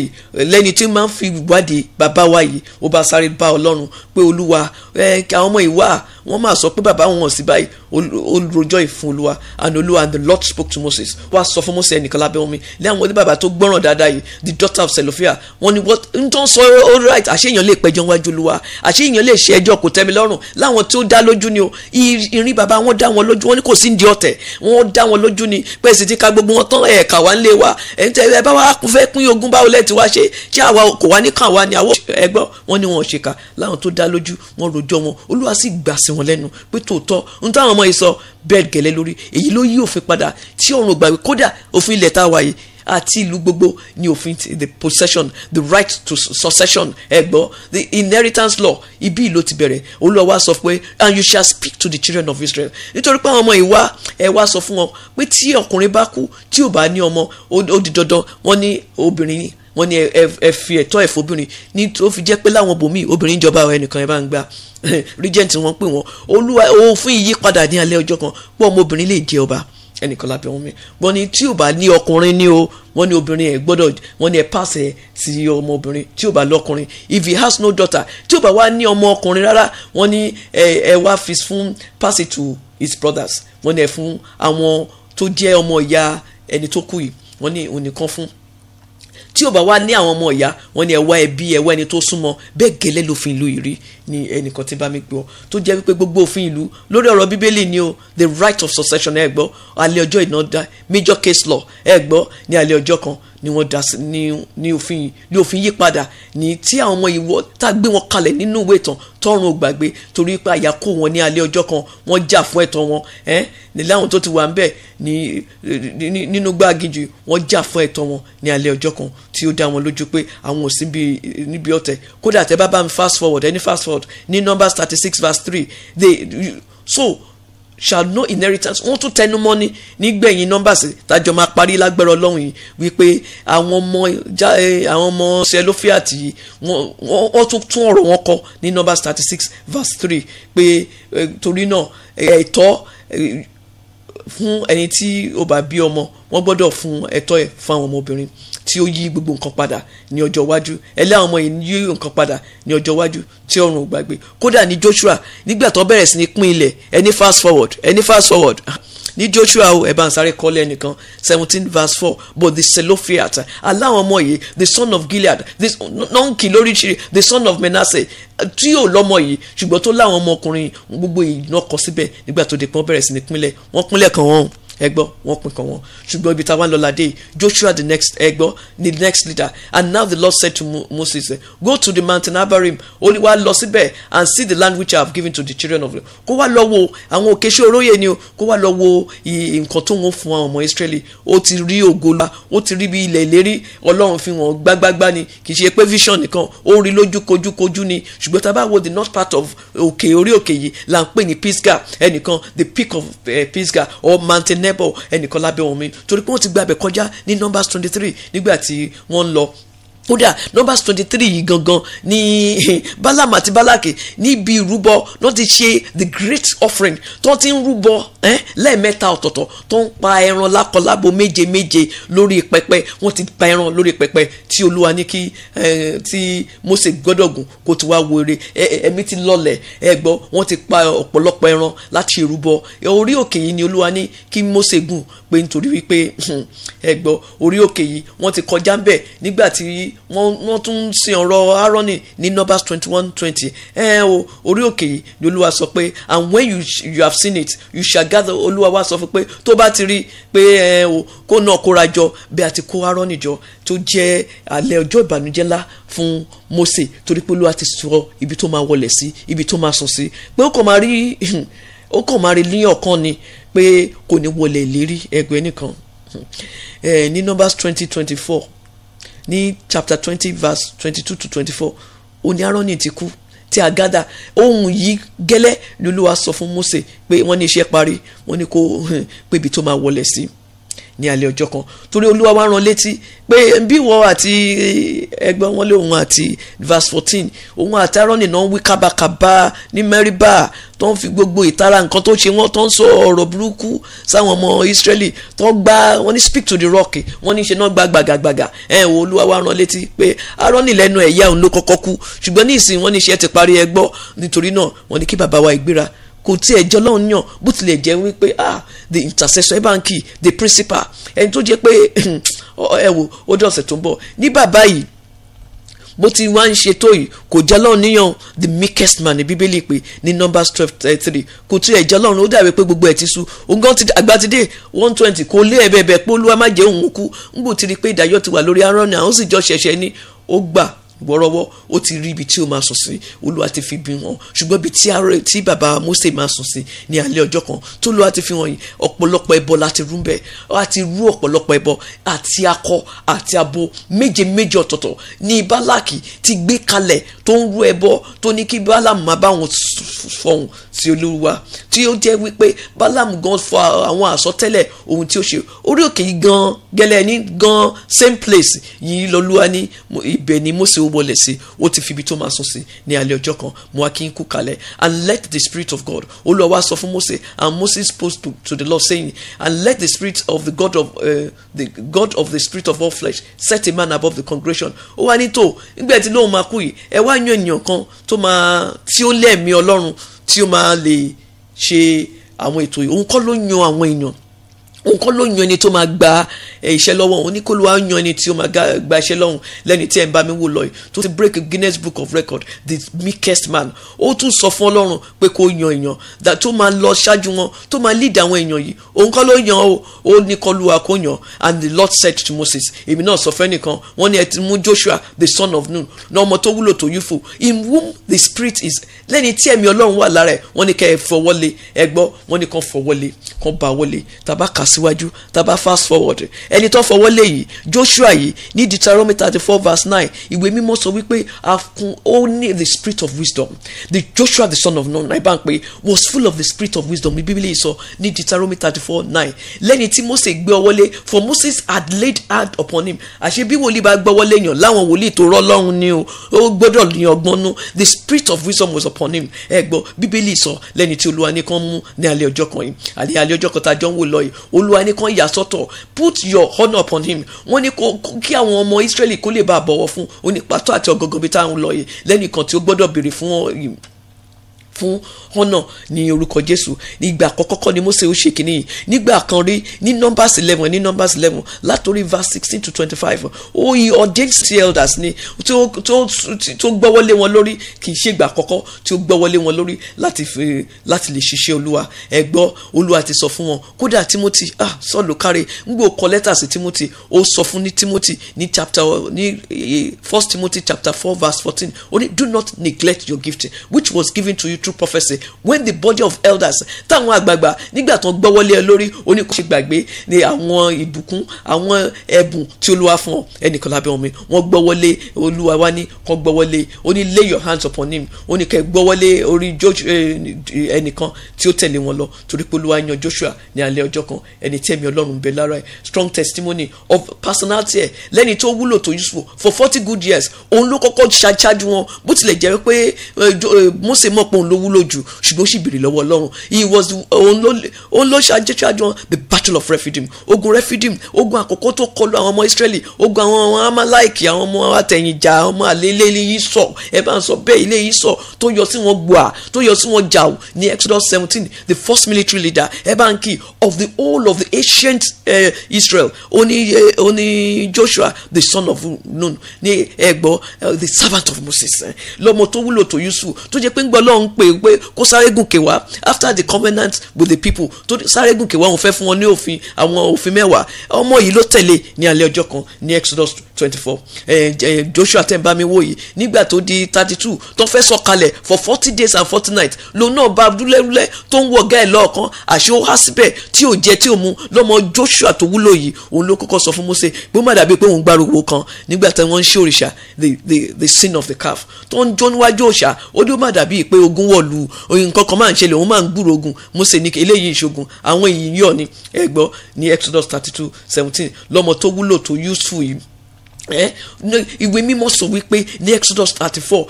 lẹ́ni tí máa ń fi wádìí bàbá wa yìí ó bá sáré bá Ọlọ́run pé Olúwa ẹ ọmọ ìwà wọ́n máa sọ pé bàbá wọn sí báyìí olùrojọ́ ìfún olúwa and olúwa and the lord spoke to moses wá sọ fún moses ẹnìkan lábẹ́ omi ní àwọn oní bàbá tó gbọ́ràn dáadáa yìí the daughter of selofia wọ́n ní n tó ń sọ all right àṣeyàn lè pẹjọ́ wájú olúwa àṣeyàn lè ṣe ẹjọ́ kò tẹ́mi lọ́rùn láwọn tó dá lójú ni o ìrìn bàbá wọn dá wọn lójú wọn ní kò sí ìdí ọ̀tẹ̀ wọn dá wọn lójú ni pé èsì ti ka gbogbo wọn tán ẹ̀ẹ̀kà wá ń lé wa ẹ̀ńtẹ ẹ bá wa fẹ́ pín ogún báwo lẹ́ ti wá ṣe ṣé àwa kò wá ní kàn wá ni àwọn ẹgbọ́n wọn ni wọn ò ṣèkà láwọn tó dá lójú wọn rojọ́ wọn olúwa sì gbàsí wọn lẹ́nu pé tòótọ́ n táwọn ọmọ yìí sọ bẹ́ẹ̀ gẹ́lẹ́ lórí èyí ló yí òfin padà tí ọ̀run gbàgbé kódà òfin ilẹ̀ tá a wà yìí àti ìlú gbogbo ní òfin the possession the right to succession ẹgbọ́ the inheritance law ibi ìlú ti bẹ̀rẹ̀ Olúwa wá sọ pé and you shall speak to the children of Israel nítorí pé àwọn ọmọ yìí wá ẹ wá sọ fún wọn pé tí ọkùnrin bá kú tí ò bá ní ọmọ ó di dandan wọ́n ní obìnrin wọ́n ní ẹ fi ẹ̀tọ́ ẹ̀fọ́ obìnrin ní tó fi jẹ́ pé láwọn bòmíì obìnrin jọba ẹnìkan ẹ bá ń gba regent wọ́n pè wọ́n olúwa òfin ìyípadà ní alẹ́ ọjọ́ kan pọ̀ ọmọbìnrin lè jẹ ọba ẹnìkan lábẹ́ wọn mi wọ́n ní tí ò bá ní ọkùnrin ní o wọ́n ní obìnrin ẹ̀ gbọ́dọ̀ wọ́n ní ẹ̀ pàṣẹ sí ọmọbìnrin tí ò bá lọ́kùnrin if he has no daughter tí ò bá wá ní ọmọ ọkùnrin rárá wọ́n ní ẹ ẹ wá fi fún pass to his brothers wọ́n ní ẹ fún àwọn tó jẹ́ ọmọ ìyá ẹni tó kú yìí wọ́n ní òun nìkan fún tí ò bá wá ní àwọn ọmọ ìyá wọn ni ẹwà ẹbí ẹwà ẹni tó súnmọ́ bẹ́ẹ̀ gẹ́lẹ́ lófin ìlú ìrí ni ẹnìkan ti bá mi gbọ́ tó jẹ́ wípé gbogbo òfin ìlú lórí ọ̀rọ̀ bíbélì ni o the right of succession ẹ gbọ́ alẹ́ ọjọ́ ìnáda major case law ẹ gbọ́ ní alẹ́ ọjọ́ kan ni wọ́n dá sí ní ní òfin yìí ní òfin yí padà ní tí àwọn ọmọ ìwọ tá a gbé wọn kalẹ̀ nínú ìwé ìtàn tọrùn ò gbàgbé torí pé àyà kó wọn ní alẹ́ ọjọ́ kan wọ́n jà fún ẹ̀tọ́ wọn ẹ́ ní láwọn tó ti wà ń bẹ̀ ní nínú gbáàgìjì wọ́n jà fún ẹ̀tọ́ wọn ní alẹ́ ọjọ́ kan tí ó dá wọn lójú pé àwọn ò sí níbi ọ̀tẹ̀ kódà tẹ́ bá bá mi fast forward ẹni fast forward ní number thirty six verse three they so shall know inheritance wọ́n tún tẹnu mọ́ ní nígbẹ̀yìn nọ́mbàsì tájọ máa parí lágbára ọlọ́run yìí wípé àwọn ọmọ já àwọn ọmọ selofiat yìí wọ́n tún tún ọ̀rọ̀ wọn kọ ní nọ́mbàsì thirty six verse three pé torí náà ẹ̀tọ́ fún ẹni tí ó bá bí ọmọ wọ́n gbọ́dọ̀ fún ẹ̀tọ́ ẹ̀ fún àwọn ọmọbìnrin tí ó yí gbogbo nǹkan padà ní ọjọ́ iwájú ẹlẹ́ àwọn ọmọ yìí yí nǹkan padà ní ọjọ́ iwájú tí ọ̀run ò gbàgbé kódà ní Joshua nígbà tó bẹ̀rẹ̀ sí ní pín ilẹ̀ ẹni fast forward ẹni fast forward ah, ní Joshua o ẹ̀ bá ń sáré kọ́lé ẹnìkan seventeen verse four but the Selophiat aláwọn ọmọ yìí the son of Gilead the nọ́ǹkì lóríṣiríṣi the son of Manasseh tí yóò lọ́mọ yìí ṣùgbọ́n tó láwọn ọmọkùnrin gbogbo ìnákọ síbẹ̀ nígbà tó dé pọ́n bẹ̀rẹ̀ sí ní pínlẹ̀ wọ́n pínlẹ̀ kan wọ́n ẹgbọ́ wọ́n pín kan wọn ṣùgbọ́n ibi táwọn lọ́ládé Joshua the next ẹgbọ́ the next leader and now the Lord said to Moses eh, go to the mountain Abarim only ní wá lọ síbẹ̀ and see the land which I have given to the children of the kó wá lọ wo àwọn òkè ṣé oróyè ni o kó wá lọ wo nǹkan tó ń fún àwọn ọmọ Israeli ó ti rí ògo la ó ti rí bí ilẹ̀ ìlérí Ọlọ́run fi wọ́n gbágbágbá ni kì í ṣe pé vision nìkan ó rí lójú kojúkojú ni ṣùgbọ́n tá a bá wo the north part of òkè orí òkè yìí là ń pè ní Pisgah ẹnìkan the peak of uh, Pisgah or mountain nebo ẹnìkan lábẹ́ omi torí pé wọ́n ti gbàbẹ̀ kọjá ní numbers twenty three nígbà tí wọ́n ń lọ kódà numbers twenty three yìí gangan ní balaam àti balaki níbi ìrúbọ náà ti ṣe the great offering tó ti ń rúbọ eh, lẹ́ẹ̀mẹ́ta ọ̀tọ̀ọ̀tọ̀ tó ń pa ẹran lákọlábo méje méje lórí pẹpẹ wọ́n ti pa ẹran lórí pẹpẹ tí olúwa ní kí eh, tí Mósè gbọ́dọ̀gùn kó ti wá wéré ẹ̀mí eh, ti lọ́lẹ̀ ẹ gbọ́ wọ́n ti pa ọ̀pọ̀lọpọ̀ ẹran láti ìrúbọ orí òkè yìí ni olúwa ní kí Mósè gùn pé nítorí wípé hmm, ẹgbọ́ orí òkè yìí wọ́n ti kọjá ńbẹ̀ nígbà tí wọ́n tún ń sin ọ̀rọ̀ Aaroni ní Numbers twenty one twenty ẹ o orí òkè yìí ni Olúwa sọ pé and when you, you have seen it you shall gather Olúwa wá sọ fún pé tó bá ti rí pé ẹ o kó náà kóra jọ bí a ti kó Aaroni jọ tó jẹ́ alẹ́ ọjọ́ ìbànújẹ́ ńlá fún Mósè torí pé Olúwa ti sọ ibi tó máa wọlé sí ibi tó máa sùn sí pé ó kàn máa rí hmm, ó kàn máa rí ní ọ̀kan ni pé kò ní wọlé ìlérí ẹgbẹ́ nìkan ní numbers twenty twenty four ní chapter twenty verse twenty two to twenty four òní Áárónì ti kú tí a gádà ohun yìí gẹ́lẹ́ lolúwa sọ fún Mósè pé wọ́n ní iṣẹ́ parí wọ́n ní kó pébi tó máa wọlé sí. Si ní alẹ́ ọjọ́ kan torí olúwa wa rán létí pé bí wọ́n àti ẹgbẹ́ wọn lé òun àti verse fourteen òun àti Áárónì náà ń wí kábàkàbà ní Mẹ́ríbà tó ń fi gbogbo ìtara nǹkan tó ṣe wọ́n tó ń sọ ọ̀rọ̀ burúkú sáwọn ọmọ Ísírẹ́lì tó gbá wọ́n ní speak to the rock wọ́n ní ṣe náà gbá gbàgàgbàgà ẹ ẹ wo olúwa wa rán létí pé Áárónì lẹ́nu ẹ̀yà òun ló kọ́kọ́ kú ṣùgbọ́n ní ìsìn wọ́n ní ṣe ti parí ẹgbọ́ nítorí náà wọ́n ní kí bàbá wa ìgbéra kò tiẹ̀ jẹ́ ọlọ́run yàn bó tilẹ̀ jẹ́ wípé ah the intercessor banki the principal ẹni tó jẹ́ pé ẹ wò ó dé ọ̀sẹ̀ tó ń bọ̀ ní bàbá yìí bó ti wá ń ṣètò yìí kò jẹ́ ọlọ́run níyàn the meekest man ní bíbélì pé ní numbers twelve thirty eh, three kò tiẹ̀ jẹ́ ọlọ́run ó dàbí pé gbogbo ẹ̀ ti sú ogan ti àgbà ti dé one twenty kò lé ẹ̀bẹ̀ẹ̀bẹ̀ pé olúwa má jẹ́ òun kú ń gbò ti rí i pé ìdájọ́ ti wà lórí Áárónì àwọn sì jọ ṣẹ̀ṣẹ̀ ni ó gbà wọ́rọ́wọ́ ó ti rí ibi tí ó máa sùn sí olúwa ti fi bí wọn ṣùgbọ́n ibi tí ààrẹ tí bàbá Mósè máa sùn sí ní alẹ́ ọjọ́ kan tó lọ́wọ́ ti fi hàn yìí ọ̀pọ̀lọpọ̀ ẹbọ láti rú bẹ́ẹ̀ láti rú ọ̀pọ̀lọpọ̀ ẹbọ àti akọ àti abo méje méje ọ̀tọ̀ọ̀tọ̀ ní Bálákì ti gbé kalẹ̀ tó ń rú ẹbọ tó ní kí Bálámù máa bá wọn fọhùn sí olúwa tí ó jẹ́ wípé Bálámù gan fọ àwọn àsọtẹ́lẹ̀ ohun tí ó ṣe orí òkè yìí gan gẹ́lẹ́ ní gan same place yìí lọ́lúwa ní ibẹ̀ ni Mósè ó wọlé sí ó ti fi ibi tó máa sùn sí ní alẹ́ ọjọ́ kan mú wá kí n kú kalẹ̀ and let the spirit of God Olúwa wá sọ fún Mose and Moses spoke to, to the Lord saying and let the spirit of the God of uh, the God of the spirit of all flesh set a man above the congregation ó wá ní tó nígbà tí lóun máa kú yìí ẹ wá yan ènìyàn kan tó máa tí ó lẹ́ẹ̀mí Ọlọ́run tí ó máa lè ṣe àwọn ètò yìí òun kọ́ ló yan àwọn èèyàn nǹkan ló yan ẹni tó máa gba iṣẹ́ lọ́wọ́ òun ní kó ló wá yan ẹni tí ó máa gba iṣẹ́ lọ́wọ́ lẹ́ni tí ẹ̀ ń bá mi wò lọ́ọ̀ yìí tó ti break Guinness Book of Record the meekest man ó tún sọ fún Ọlọ́run pé kó yan èèyàn tó máa lọ ṣáájú wọn tó máa lead àwọn èèyàn yìí òun kọ́ ló yan o ó ní kọ́ ló wá kó yan and the Lord said to Moses èmi náà sọ fẹ́ nìkan wọ́n ní ẹ ti mú Joshua the son of Nun ní ọmọ tó wúlò tó yúfò in whom the spirit is lẹ́ni tí ẹ̀mí Ọlọ́run wà lára ẹ̀ wọ́n ní kẹ́ ẹ fọwọ́lé ẹgbọ́ wọ́n ní kàn fọwọ́lé kàn bá wọlé tàbá síwájú tábà fast forward ẹni tó fọwọ́ lé yìí Joshua yìí ní Deuteronomy thirty four verse nine ìwé mímọ́ sọ wípé àfún ó only the spirit of wisdom the Joshua the son of Nun Naibanpe was full of the spirit of wisdom ní bíbélì sọ ní Deuteronomy thirty four nine lẹ́ni tí Mose gbé ọwọ́ lé for Moses had laid hand upon him àṣẹ bí wòlíì bá gbọ́wọ́ lé yàn láwọn wòlíì tó rọ́ lọ́rùn ni o ó gbọ́dọ̀ yan ọgbọ́n nú the spirit of wisdom was upon him ẹ gbọ́ bíbélì sọ lẹ́ni tí Olúwa ní kan mú ní alẹ́ ọjọ́ kan yìí alẹ́ alẹ́ ọjọ́ kan tá a jọ ń wò lọ olúwa ní kàn yà sọ́tọ̀ put your honour upon him wọ́n ní kí àwọn ọmọ israeli kó lè bá a bọ̀wọ̀ fún onípàtó àti ọ̀gọ̀gọ̀ bíi táwọn lọ yìí lẹ́nìkan tí ó gbọ́dọ̀ béèrè fún fún ọ̀nà ní orúkọ jésù nígbà àkọ́kọ́ ni mose ó ṣe kínní yìí nígbà kan rí ní numbers eleven ní numbers eleven látòrí verse sixteen to twenty-five ó yí ordained the elders ni tó gbọ́wọ́lé wọn lórí kì í ṣe ìgbà àkọ́kọ́ tí ó gbọ́wọ́lé wọn lórí láti fi láti lè ṣiṣẹ́ olúwa ẹ gbọ́ olúwa ti sọ fún wọn kódà timothy ah sọ́ọ̀lù kárẹ̀ ngbò kọ lẹ́tà sí timothy ó sọ fún ní timothy ní chapter ní eh, first timothy chapter four verse fourteen ó ní do not neglect your gift which was given to you true prophecy when the body of elders táwọn àgbààgbà nígbà tó gbọ́wọ́lé ẹ lórí oníkóṣe gbàgbé ni àwọn ìbùkún àwọn ẹ̀bùn tí olúwa fún ọ ẹnìkan lábẹ́ omi wọ́n gbọ́wọ́lé olúwa wá ní kọ́ gbọ́wọ́lé ó ní lay your hands upon him ó ní kẹ́ gbọ́wọ́lé orí eh, ẹnìkan tí ó tẹ̀lé wọn lọ torí pé olúwa yan Joshua ní alẹ́ ọjọ́ kan ẹni tí ẹ̀mí ọlọ́run bẹ lára ẹ̀ strong testimony of personality ẹ̀ lẹ́ni tó wúlò tó useful for forty good years òun ló kọ́kọ́ ṣáájú wọn bó tilẹ̀ jẹ́ pé eh, eh, Mósè mọ̀ pé òun ló wúlò jù ṣùgbọ́n ó sì béèrè lọ́wọ́ ọlọ́run he was òun ló ṣàjẹsájú wọn the battle of refidim ogun refidim ogun àkọ́kọ́ tó kọlu àwọn ọmọ israeli ogun àwọn ọmọ amalaiki àwọn ọmọ atẹ̀yìnjà àwọn ọmọ àlè ilé yìí sọ ẹ bá ń sọ bẹ́ẹ̀ ilé yìí sọ tó yọ sí wọn gbòà tó yọ sí wọn jà ní exodus seventeen the first military leader ẹ bá ń kí of the whole of the ancient uh, israel oní uh, oní joshua the son of nun ní ẹgbọ́ uh, the servant of moses lọ́mọ tó wúlò tó yusuf tó jẹ́ pé ń gbọ́ lọ́hún pé pè pé kó sáré gùnkè wá after the covenant with the people tó sáré gùnkè wá òun fẹ́ fún wọn ní òfin àwọn òfin mẹ́wàá ọmọ yìí ló tẹ̀lé ní alẹ́ ọjọ́ kan ní Exodus twenty four Joshua tẹ̀mbámiwó yìí nígbà tó di thirty two tó fẹ́ sọ̀kalẹ̀ for forty days and forty nights lòun náà bá dúlẹ́dúlẹ́ tó ń wọ̀gá ẹ̀ lọ́ọ̀kan àṣé ó há síbẹ̀ tí ò jẹ tí ò mu lọ́mọ Joshua tó wúlò yìí òun ló kọ́kọ́ sọ fún Mósè pé ó má dàbí pé òun gbárùkù kan nígbà tí wọ́n ń ṣe òrìṣà the the the sin of the calf tó ń jó níwájú òòṣà ó dé ó má dàbí pé ogun wọ̀lú nǹkan kan máa ń ṣẹlẹ̀ òun máa ń gbúrogun Mósè ní eléyìí ìṣogun àwọn èyí yọ̀ ni ẹ̀gbọ́ ní Exodus thirty two seventeen lọ́mọ tó wúlò tó useful yìí ìwé mímọ́ sọ wípé ní Exodus thirty four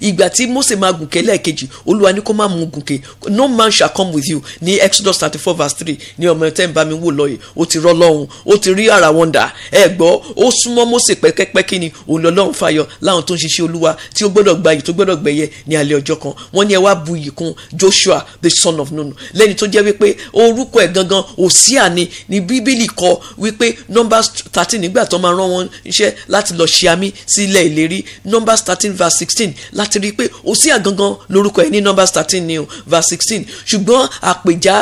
ìgbà tí Mósè máa gùnkè lẹ́ẹ̀kejì olúwa ní kó má mú gùnkè no man shall come with you ní Exodus thirty four verse three ní ọmọ tẹ́ ń bá mi wò lọ́yẹ̀ ó ti rọ́ lọ́hùn ó ti rí àrà wọn dà ẹ gbọ́ ó súnmọ́ Mósè pẹ́kẹ́pẹ́kẹ́ ni òun lọ lọ́hùn fàyọ láwọn tó ń ṣiṣẹ́ olúwa tí ó gbọ́dọ̀ gbayì tó gbọ́dọ̀ gbẹ̀yẹ ní alẹ́ ọjọ́ kan wọ́n ní ẹ wá bu iyì kún Joshua the son of Nun lẹ́ni tó jẹ́ wípé orúkọ ẹ̀ gangan Òsíà ni ni bíbélì kọ wípé Numbers thirteen nígbà tó máa rán wọn iṣẹ́ láti lọ ṣe àmì sí ìlérí Numbers thirteen verse sixteen láti rí i pé Hosea gangan lórúkọ ẹ̀ ní Numbers thirteen ni o verse sixteen ṣùgbọ́n àpèjá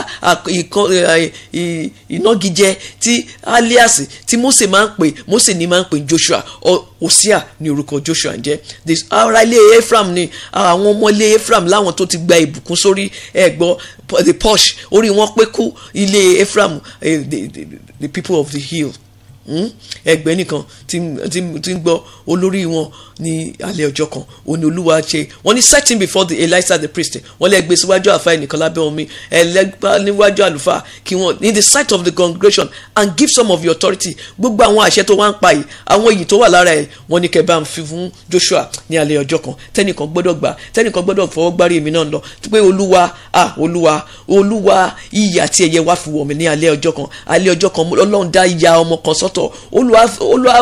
ìnagijẹ tí alias tí Mósè máa ń pè Mósè ní máa ń pè Joshua Hosea ní orúkọ Joshua ń jẹ́ ará ilé Ephraim ni àwọn ọmọ ilé Ephraim láwọn tó ti gba ìbùkún sórí ẹ̀gbọ́n the posh orí wọn pé kú ilé Ephraim eh, the people of the hill. Hmm? ẹgbẹ́ nìkan tí ń gbọ́ olórí wọn ní alẹ́ ọjọ́ kan òun ni olúwa ṣe wọ́n ní set him before the Elisa the priest wọ́n lè gbé síwájú àfa ẹnìkan lábẹ́ omi ẹlẹ́gbá níwájú àlùfáà kí wọ́n in the sight of the congregation and give some of your authority gbogbo àwọn àṣẹ tó wá ń pa yìí àwọn èyí tó wà lára ẹ̀ wọ́n ní kẹ́bà ń fi fún Joshua ní alẹ́ ọjọ́ kan tẹ́nìkan gbọ́dọ̀ gbà tẹ́nìkan gbọ́dọ̀ fọwọ́ gbárí èmi náà lọ pé olúwa ah olúwa olúwa iyì àti ẹ̀yẹ wá fi wọ̀ mí ní alẹ́ ọjọ́ kan alẹ́ ọjọ́ kan ọlọ́run dá ìyá ọmọ sọ́tọ̀ olúwa olúwa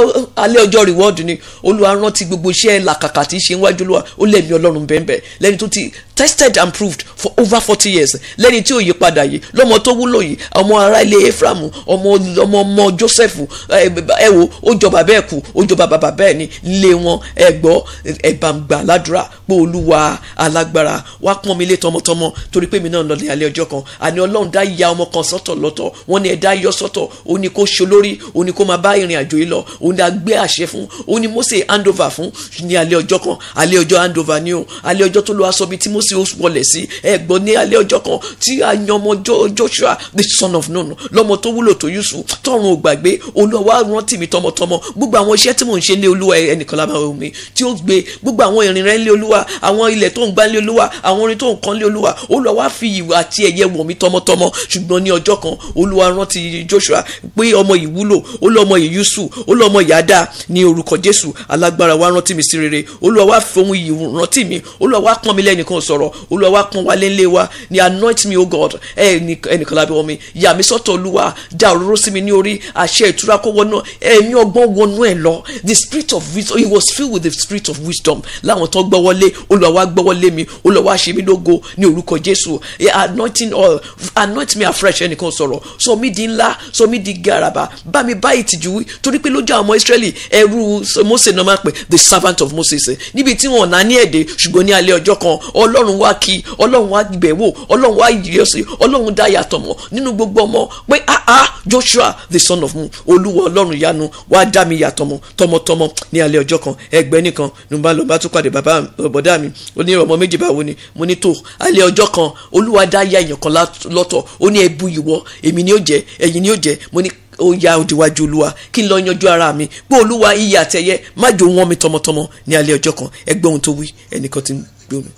alẹ́ ọjọ́ reward ni olúwa rántí gbogbo iṣẹ́ làkàkà tí í ṣe níwájú olúwa ó lẹ́mí ọlọ́run bẹ́ẹ̀ bẹ́ẹ̀ lẹ́ni tó ti tested and proved for over forty years lẹ́ni tí ò yí padà yìí lọ́mọ tó wúlò yìí ọmọ ará ilé ephraim ọmọ ọmọ ọmọ joseph ẹ wo ó jọ bàbá ẹ̀ kú ó jọ bàbá bàbá ẹ̀ ní lé wọn ẹ gbọ́ ẹ̀bàǹgbà ládùúrà pé olúwa alágbára wá pọ́n mi lé tọmọtọmọ torí pé mi náà lọ ní alẹ́ ọjọ́ kan àní ọlọ́run dá ya ọmọ kan sọ́tọ̀ lọ́tọ̀ wọ́n ní ẹ dá yọ sọ́tọ̀ ó ní kó ṣolórí ó ní kó máa bá ìrìn àjò yìí lọ ó ní agbé àṣẹ fún ó ní Mósè handover fún ní alẹ́ ọjọ́ kan alẹ́ ọjọ́ handover ni ó alẹ́ ọjọ́ tó lọ́ọ́ aṣọ bíi tí Mósè tí ó wọlẹ̀ sí ẹ̀gbọ́n ní alẹ́ ọjọ́ kan tí a yan ọmọ Joshua the son of Nun lọ́mọ tó wúlò tó yusuf tọrùn ò gbàgbé olúwa rántí mi tọmọtọmọ gbogbo àwọn iṣẹ́ tí mò ń ṣe lé olúwa ẹnìkan lábàá omi tí ó gbé gbogbo àwọn ìrìn rẹ̀ lé olúwa àwọn ilẹ̀ tó ń gbá lé olúwa àwọn orin tó ń kan lé olúwa olúwa fi ìwà àti ẹ̀yẹ wọ̀ mí tọmọtọmọ ṣùgbọ́n ní ọjọ́ kan olúwa rántí Joshua pé ọmọ yìí wúlò olọmọ yìí yusuf olọmọ yìí ní orúkọ Jésù alágbára wa rántí mi sí rere olúwa wá fohun yìí rántí mi olúwa wá pọ́n mi lẹ́nìkan s sọ̀rọ̀ olúwa wá pọ́n wálé ńlé wa ni anoint me o god ẹnìkan lábẹ́ wọn mi yà mí sọ́tọ̀ olúwa dá òróró sí mi ní orí àṣẹ ìtura kó wọnú ẹ̀mí ọgbọ́n wọnú ẹ̀ lọ the spirit of wisdom he was filled with the spirit of wisdom láwọn tó gbọ́wọ́lé olúwa wá gbọ́wọ́lé mi olúwa wá ṣe mí lógo ní orúkọ jésù anointing oil anoint me afresh ẹnìkan sọ̀rọ̀ sọ mí di ńlá sọ mí di garaba bá mi bá ìtìjú wí torí pé lójú àwọn ọmọ israẹli ẹrú mose náà máa pè the servant of moses níbi tí wọn ò náà ní ẹ̀dẹ̀ ṣùgbọ́n ní alẹ́ ọjọ́ kan ọlọ́ ọlọ́run wá kí ọlọ́run wá gbẹ̀ wò ọlọ́run wá yẹ̀sẹ̀ ọlọ́run dá yàtọ̀ mọ̀ nínú gbogbo ọmọ pé ah ah Joshua the son of Nun olúwa ọlọ́run yanu wá dá mi yàtọ̀ mọ̀ tọmọtọmọ ní alẹ́ ọjọ́ kan ẹgbẹ́ nìkan ní bá lọ bá tún pàdé bàbá bọ̀dá mi ó ní ọmọ méjì báwo ni mo ní tó alẹ́ ọjọ́ kan olúwa dá yà èèyàn kan lọ́tọ̀ ó ní ẹbu ìwọ èmi ni ó jẹ ẹ̀yin ni ó jẹ mo ní ó ya òdìwájú olúwa kí n lọ yanjú ara mi pé olúwa iyì àtẹyẹ má jò wọ́n mi tọmọtọmọ ní alẹ́ ọjọ́ kan ẹgbẹ́ ohun tó wí ẹnìkan ti ń gbóhùn.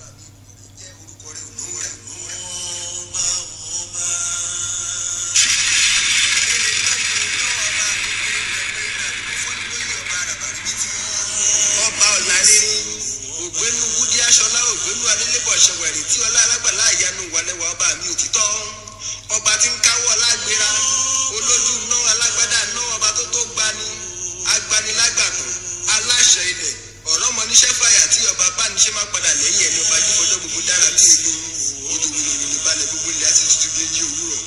ní ṣé padà lẹ́yìn ẹni ọba jífọjọ́ gbogbo dára bí inú odò gbogbo ní balẹ̀ gbogbo ilẹ̀ àti tuntun dé ní òwúrọ̀.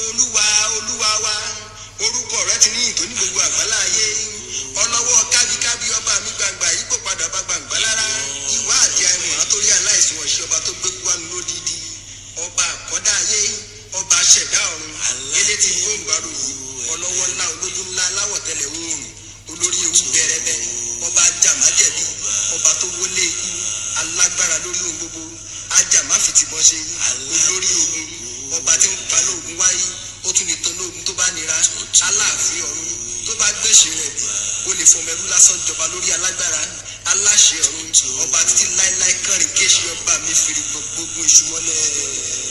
olúwa olúwa wa orúkọ rẹ ti níyìn tó ní gbogbo àgbálá ayé ọlọ́wọ́ kábíkábí ọba mi gbangba yìí kò padà bá gbangba lára ìwà àti àìmọ̀ àtòrí aláìsàn ọ̀ṣẹ́ ọba tó gbé wánu lódìdí ọba àkọ́dá ayé ọba ṣẹ̀dá ọ̀run ilé ti yóò gbàrú ọlọ́wọ́ ńlá olójú ńlá ọba tó wọlé ikú alágbára lórí ohun gbogbo ajàmáfìtìbọn ṣe olórí ogun ọba tí ń pa lóògùn wáyé ó tún lè tán lóògùn tó bá nira aláàfin ọ̀run tó bá gbèsè rẹ̀ ó lè fọmọ lásán jọba lórí alágbára aláṣẹ ọ̀run ọba títí láéláé kàn rí kéṣe ọba mi fèrè gbogbo ìṣúmọ́lẹ̀ ẹ̀.